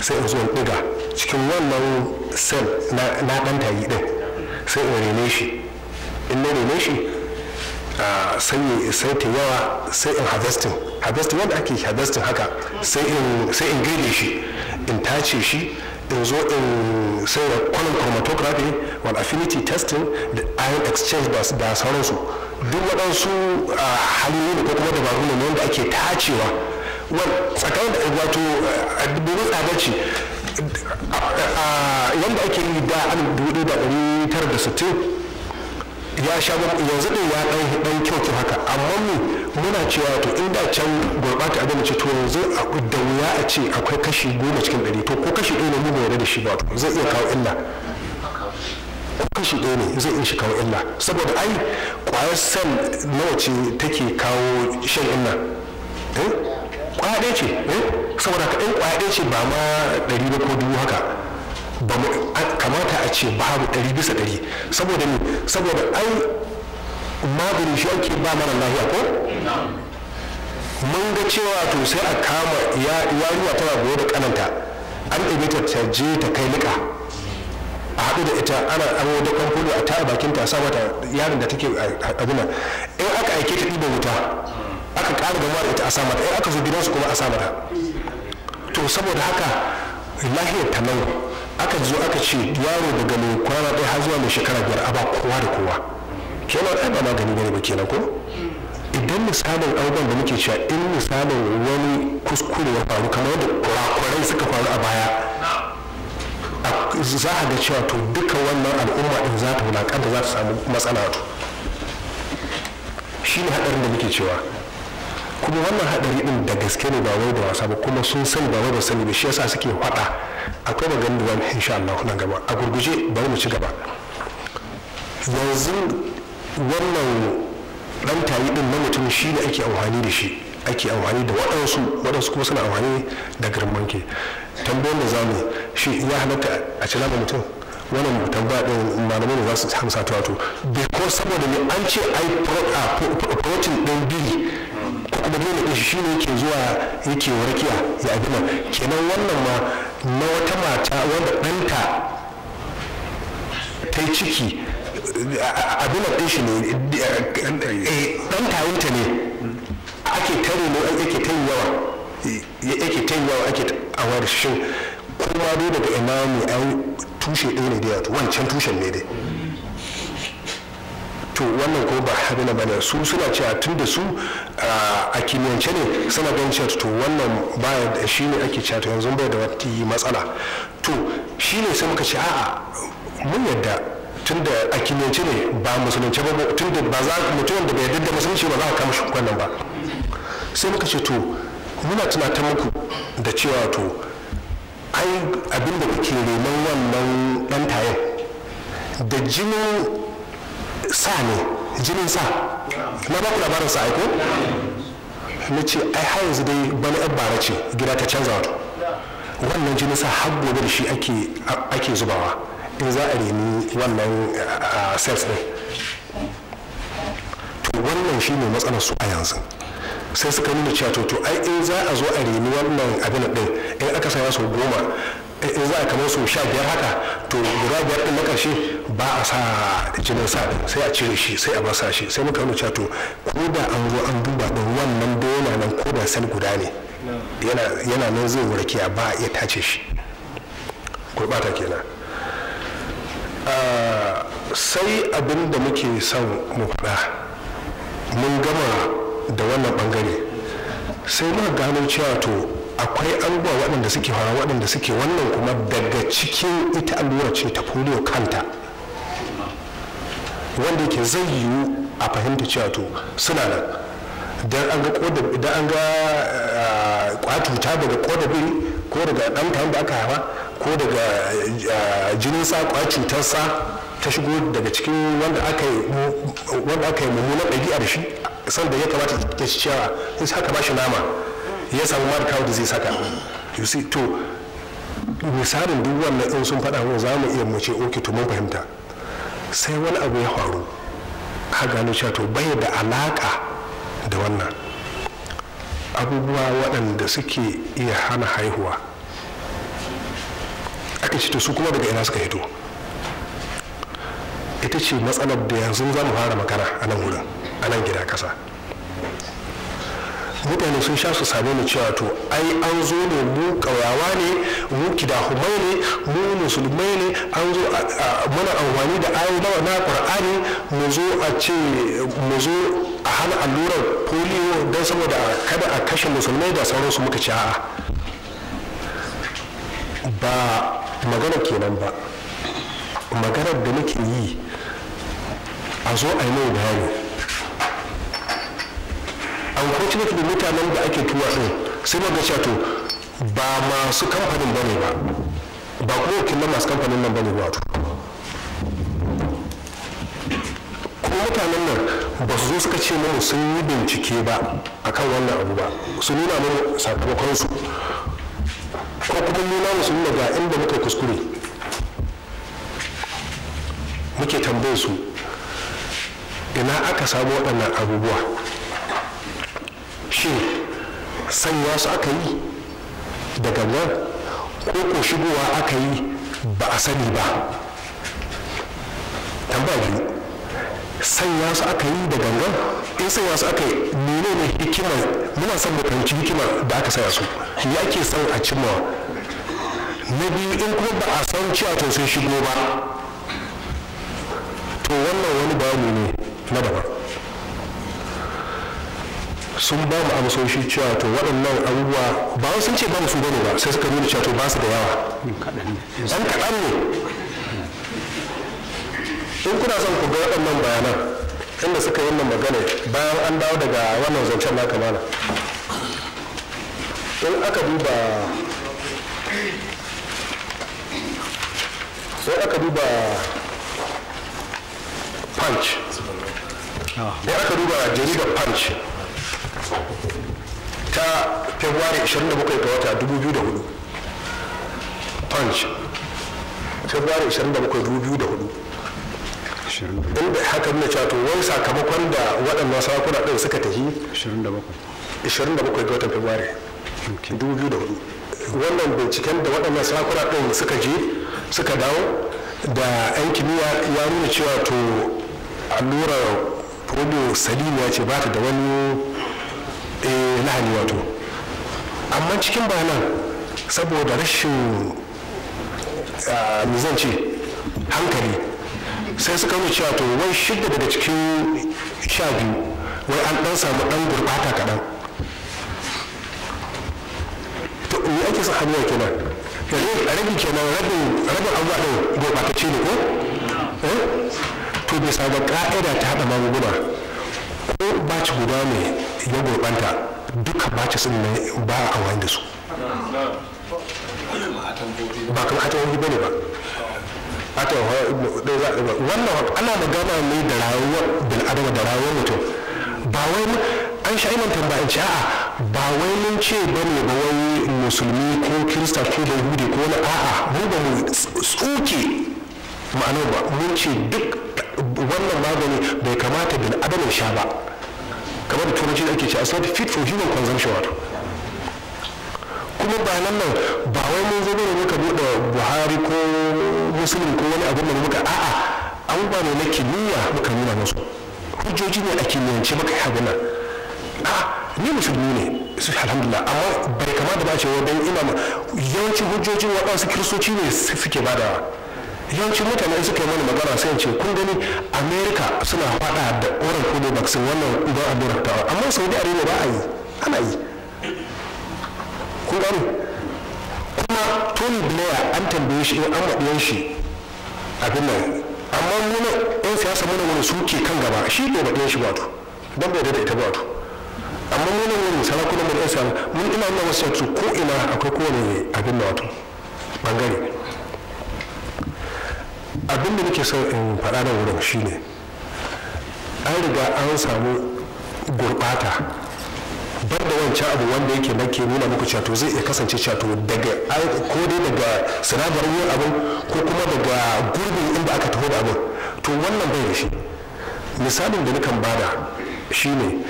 sai in zo in diga cikin wannan sel na dan tayi din sai in rene shi in na rene shi sai ta yawa sai in harvesting harvesting wanda ake harvesting haka sai in gaide shi in tace shi in zo in sai kwanan chromatography wal affinity testing da ion exchange da sauransu duk waɗansu hanyoyi da kuma dabaru ne wanda ake tacewa tsakanin da wato a tsada ce yadda ake yi da alif da da sittin ya sha yanzu ɗin ya ɗau da haka amma mu muna cewa to in da can gurbata abin ce to yanzu da wuya a ce akwai kashi goma cikin ɗari to ko kashi ɗaya ne mu bai da shi ba zai iya kawo illa kashi ɗaya ne zai iya shi kawo illa saboda ai ƙwayar sel nawa ce take kawo shan illa eh? ƙwaya ɗaya ce eh? saboda ka ɗan ƙwaya ɗaya ce ba ma ɗari ba ko dubu haka kamata a ce babu ɗari bisa ɗari saboda ne saboda ai magani shi ake ba mara lahiya ko mun ga cewa to sai a kama yarinya tana goye da kananta an ɗabi ta ta je ta kai liƙa a haɗu da ita ana amo da kamfani a tara bakin ta sa ta yarin da take abinan in aka aike ta ɗiba wuta aka ƙara gama da ita a sa mata in aka zo gidansu kuma a sa mata to saboda haka lahiyar ta nan aka zo aka ce yaro daga mai kwana ɗaya har zuwa mai shekara biyar a ba kowa da kowa kenan ma ba magani bane ba kenan ko idan misalin abubuwan da muke cewa in misalin wani kuskure ya faru kamar yadda kurakurai suka faru a baya za a ga cewa to duka wannan al'umma din za ta wulaƙanta za ta samu matsala to shi ne haɗarin da muke cewa kuma wannan haɗari din da gaske ne ba wai da wasa ba kuma sun sani ba wai ba sani ba shi yasa suke faɗa akwai maganin da zamu insha Allah nan gaba a gurguje bari mu ci gaba yanzu wannan rantayi din na mutum shi ne ake amfani da shi ake amfani da waɗansu waɗansu kuma suna amfani da girman ke tambayar da mu shi ya halatta a cila da mutum wannan tambaya din malamai ne za su hamsa ta wato because saboda ne an ce ai protein ɗin biri ko kuma dole ɗin shi ne yake zuwa yake warkiya ya abin nan kenan wannan ma na wata mata wanda ɗanta ta yi ciki abin da ɗin shi ne eh, ɗan tarinta ne ake tare ne ake ta yawa ake ta yawa ake a warshin kuma dai daga ina ne an tushe ɗaya ne da wancan tushen ne dai to wannan ko ba ba bane su suna cewa tun da su a kimiyance ne suna ganin cewa to wannan baya da shi ne ake cewa to yanzu bai da wata matsala to shi ne sai muka ce a'a mun yadda tun da a kimiyance ne ba musulunci ba tun ba za mutuwan da bai yarda da musulunci ba za a kama shi nan ba sai muka ce to muna ta muku da cewa to ai abin da kuke neman wannan dan tayin da jinin sa ne jinin sa na ba ku labarin sa aiko na ce ai har yanzu dai bana yan bara ce gida ta canza wato wannan jinin sa har gobe da shi ake zubawa in za a remi wannan sales din to wannan shine matsalar su a yanzu sai suka nuna cewa to ai in za a zo a remi wannan abin din in aka saya su goma in za a kamar su sha biyar haka to guda biyar din ba a sa jinin sa sai a cire shi sai a basa shi sai muka nuna cewa to ko da an zo an duba din wannan dole nan ko da sel guda ne yana nan zai wurake ba a iya tace shi gurbata kenan Ah, sai abin da muke son mu faɗa mun gama da wannan bangare sai muka gano cewa to akwai abubuwa waɗanda suke fara waɗanda suke wannan kuma daga cikin ita allura ce ta polio kanta wanda yake zai yiwu a fahimta cewa to suna nan don an ga an ga kwatuta ah, daga kodabin ko daga ɗan da aka haifa ko daga eh, jinin sa cutarsa ta shigo daga cikin wanda aka yi mummunan da shi sanda ya kamata ta ci cewa in haka ba nama ya samu mara kawo da zai saka you see to misalin duk wannan in sun faɗa mu za mu iya mu ce to mun fahimta sai wani abu ya faru ka gano cewa to bai da alaƙa da wannan abubuwa waɗanda suke iya hana haihuwa aka ce to su kuma daga ina suka hito ita ce matsalar da yanzu za mu fara magana a nan wurin a nan gida kasa mutane sun sha su same mu cewa to ai an zo ne mu ƙauyawa ne mu kidahumai ne mu musulmai ne an zo muna amfani da ayoyi na qur'ani mu zo a ce mu zo a hana allurar polio don saboda kada a kashe musulmai da sauransu muka ci a'a ba magana kenan ba maganar da muke yi a zo a yi mai bayani da mutanen da ake tuwa ɗin sai maga cewa to ba masu kamfanin ba ne ba ba kuma na masu kamfanin nan ba ne wato ko mutanen nan ba su zo suka ce mana sun yi bincike ba akan wannan abu ba su nuna mana sakamakonsu ko kuma nuna musu nuna ga inda muka kuskure muke tambaye su ina aka samu waɗannan abubuwa shi sanya su aka yi da gangan ko ko shigowa aka yi ba a sani ba tambaye biyu sanya su aka yi da gangan in sanya su aka yi ne hikimar muna son mu fahimci hikimar da aka saya su ya ke son a cimma na biyu in kuma ba a san cewa to sun shigo ba to wannan wani bayani ne na daban sun ba mu amsoshi cewa to waɗannan abubuwa ba sun ce ba su bane ba sai suka nuna cewa to ba su da yawa ɗan kaɗan ne in kuna son ku ga waɗannan bayanan inda suka yi magana bayan an dawo daga wannan zancen na kamala in aka duba sai aka duba punch sai aka duba jaridar punch ta february 27 ga wata 2004 punch february 27 2004 inda haka nuna cewa to wani sakamakon da waɗannan sarakuna ɗin suka tafi 27 ga watan february 2004 wannan binciken da waɗannan sarakuna ɗin suka je suka dawo da yan kimiyya ya nuna cewa to allurar polio ya ce ba ta da wani eh, lahani wato amma cikin bayanan saboda rashin ah, mizanci hankali sai suka nuna cewa to wai shidda daga cikin sha biyu wai an dan samu dan gurbata kaɗan to me ake sa hanyar kenan rabin kenan rabin rabin abuwa ɗin gurɓatacce ne ko eh? to bisa ga ka'ida ta haɗa magunguna ko baci guda ne ya gurɓanta duka baci sun ne ba a amfani da su ba kuma hatan wani bane ba wannan ana magana ne da rayuwar bil'adama da rayuwar mutum ba wai an sha sha'iman tambayance a'a ba wai mun ce ba ne ba wai musulmi ko kirista ko da yahudi ko wani a'a mu ba mu tsuke ma'anar ba mun ce duk wannan magani bai kamata bin adam sha ba kamar da turanci da ake ce it's not fit for human consumption kuma ba nan nan ba wai mun zo ne muka buɗe buhari ko musulmi ko wani abin da muka a'a an ba ne na kimiyya muka nuna musu hujjoji ne a kimiyyance maka haguna a ni musulmi ne su alhamdulillah amma bai da ba wa wadan imam yawancin hujjojin waɗansu kiristoci ne suke badawa yawancin mutane su kai mana magana sai ce kun gani america suna faɗa da oral fodo vaccine wannan don abubuwan tawa amma saudi arabia ba a yi ana yi kun gani kuma tony blair an tambaye shi in an maɗiyan shi abin nan amma muna yan siyasa muna wani suke kan gaba shi ne ba shi ba to don bai da ita ba to amma muna wani sarakuna mai yan siyasa mun ina nuna wasu yanzu ko ina akwai kowane abin da wato bangare abin da nake son in faɗa da wurin shine an riga an samu gurɓata banda wancan abu wanda yake na ke nuna muku cato zai iya kasance cato daga ko dai daga sinadarin yin abin ko kuma daga gurbin inda aka taho da abin to wannan bai da shi misalin da nukan bada shine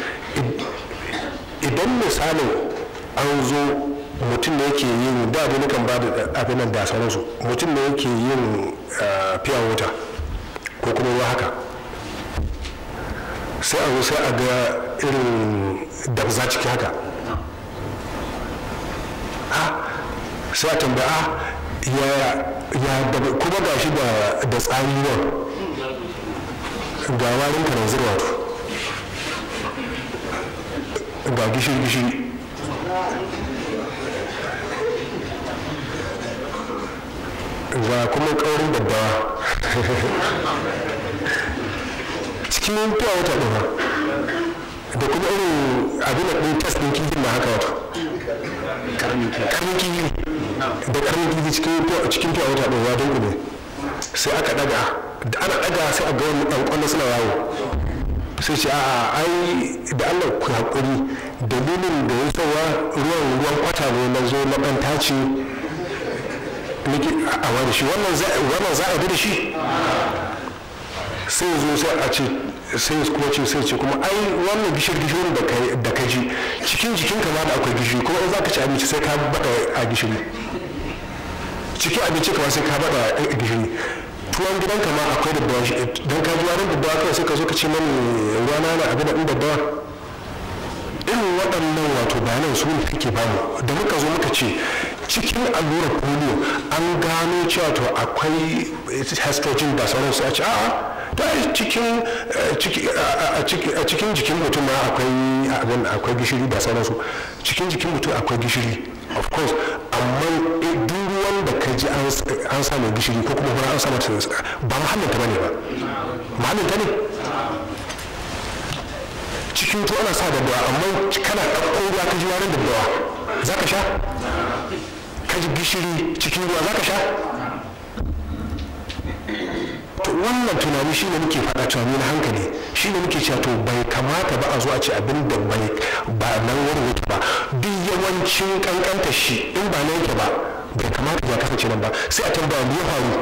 idan misalin an zo mutum da yake yin da abu nukan bada abin da sanarsu mutum da yake yin fiya eh, wuta ko kuma ruwa haka sai a sai a ga irin dabza ciki haka ah, sai a tambaya ah, ya kuma ga shi da tsari ne ga warin karanzir wato ga gishiri-gishiri ga kuma ƙaurin daddawa shi fiya wata ɗin da kuma irin abin ɗin tas ɗin kifin na haka wato karnin ne da karnin kifi cikin fiya wata ɗin wadon ku ne sai aka ɗaga da ana ɗaga sai a ga wani ɗan ƙwallo suna yawo sai ce a ai da allah ku haƙuri dalilin da ya sauwa ruwan ruwan kwata ne na zo na ɗan tace a wani shi wannan za a bi da shi sai zo sai a ce sai kuma ce sai ce kuma ai wannan gishir gishir da ka ji cikin jikin ma da akwai gishiri kuma in za ka ci abinci sai ka bada a gishiri cikin abinci kama sai ka bada a gishiri tuwon gidan kama akwai da bawa don ka ji nan dawa kawai sai ka zo ka ce mani rana na abin da in babba irin waɗannan wato bayanan su ne kake bamu da muka zo muka ce cikin allurar polio an gano cewa to akwai estrogen da sauransu a ce a'a cikin a eh, eh, eh, cikin jikin mutum ma akwai abin akwai gishiri da sauransu cikin jikin mutum akwai gishiri of course amma duk ruwan da ka ji an samu gishiri ko kuma an samu mata ba mahallin ta bane ba mahallin ta ne cikin to ana sa da dawa amma kana ɗauko ruwa ka ji warin da dawa za ka sha ka ji gishiri cikin ruwa za ka sha wannan tunani shi ne muke faɗa tunani na hankali shi ne muke cewa to bai kamata ba a zo a ce abin da bai ba nan wani warware ba duk yawancin kankanta shi in ba nan yake ba bai kamata ya kasance nan ba sai a tambaya me ya faru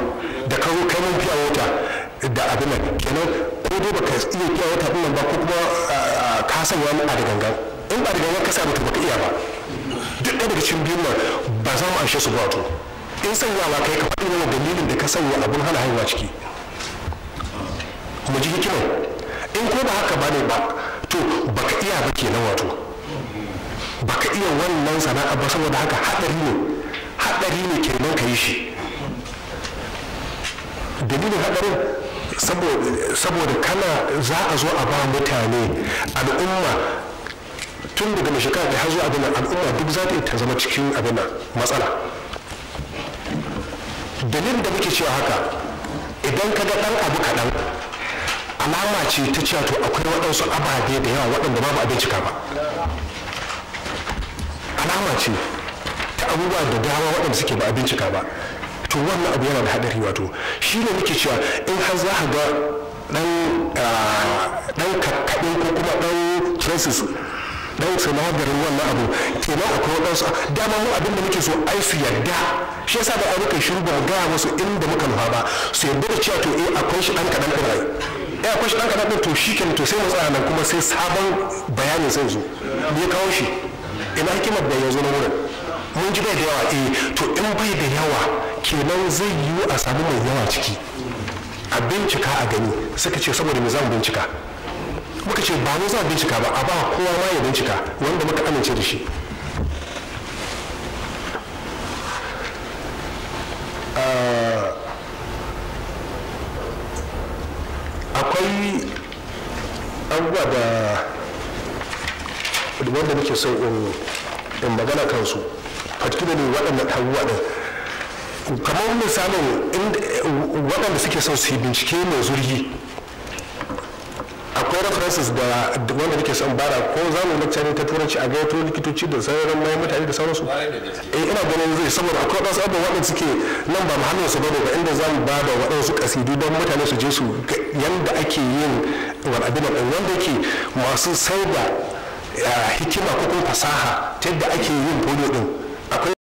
da kawo kai mun fiya wuta da abin nan kenan ko dai baka iya fiya wuta din nan ba ko kuma ka sanya mu a da gangan in ba da gangan ka sa ba to baka iya ba duk ɗaya daga cikin biyun nan ba za mu anshe su ba to in sanyawa kai ka faɗi wani dalilin da ka sanya abin hana haihuwa ciki mu ji kyau in ko ba haka ba ne ba to baka iya ba kenan wato baka iya wannan sana'a ba saboda haka haɗari ne haɗari ne kenan ka yi shi dalilin haɗarin saboda kana za a zo a ba mutane al'umma tun daga mai shekara da har zuwa abin al'umma duk za ta zama cikin abin matsala dalilin da muke cewa haka idan ka ga ɗan abu kaɗan alama ce ta cewa to akwai waɗansu ababe da yawa waɗanda babu abin cika ba alama ce ta abubuwa da dama waɗanda suke ba abin cika ba to wannan abu yana da haɗari wato shi ne muke cewa in har za ka ga ɗan ah, kakkaɓe ko kuma ɗan traces dan sinadarin wannan abu kenan akwai wadansu dama mu abin da muke so ai su yarda shi yasa da ayyukan shirba ga wasu inda muka nufa ba su yarda da cewa to eh akwai shi dan kaɗan kadan ya akwai shi ɗan kaɗan to shi to sai mu nan kuma sai sabon bayanin sai zo ne kawo shi ina hikimar da ya zo na wurin mun ji bai da yawa eh to in bai da yawa kenan zai yiwu a samu mai yawa ciki a bincika a gani suka ce saboda me za bincika muka ce ba mu za bincika ba a ba kowa ma ya bincika wanda muka amince da shi ah, akwai abubuwa da wanda nake so in magana kansu particularly waɗanda abubuwa ɗin kamar misalin waɗanda suke son su yi bincike mai zurgi akwai references da wanda nake son bara ko za mu lecture ta turanci a gaito likitoci da sauran mai mutane da sauransu eh ina ganin zai saboda akwai wasu abubuwa wanda suke nan ba muhallin su bane ba inda za mu bada waɗansu kasidu don mutane su je su yanda ake yin wal'adina wanda ke masu sai da eh, hikima ko fasaha ta yadda ake yin polio din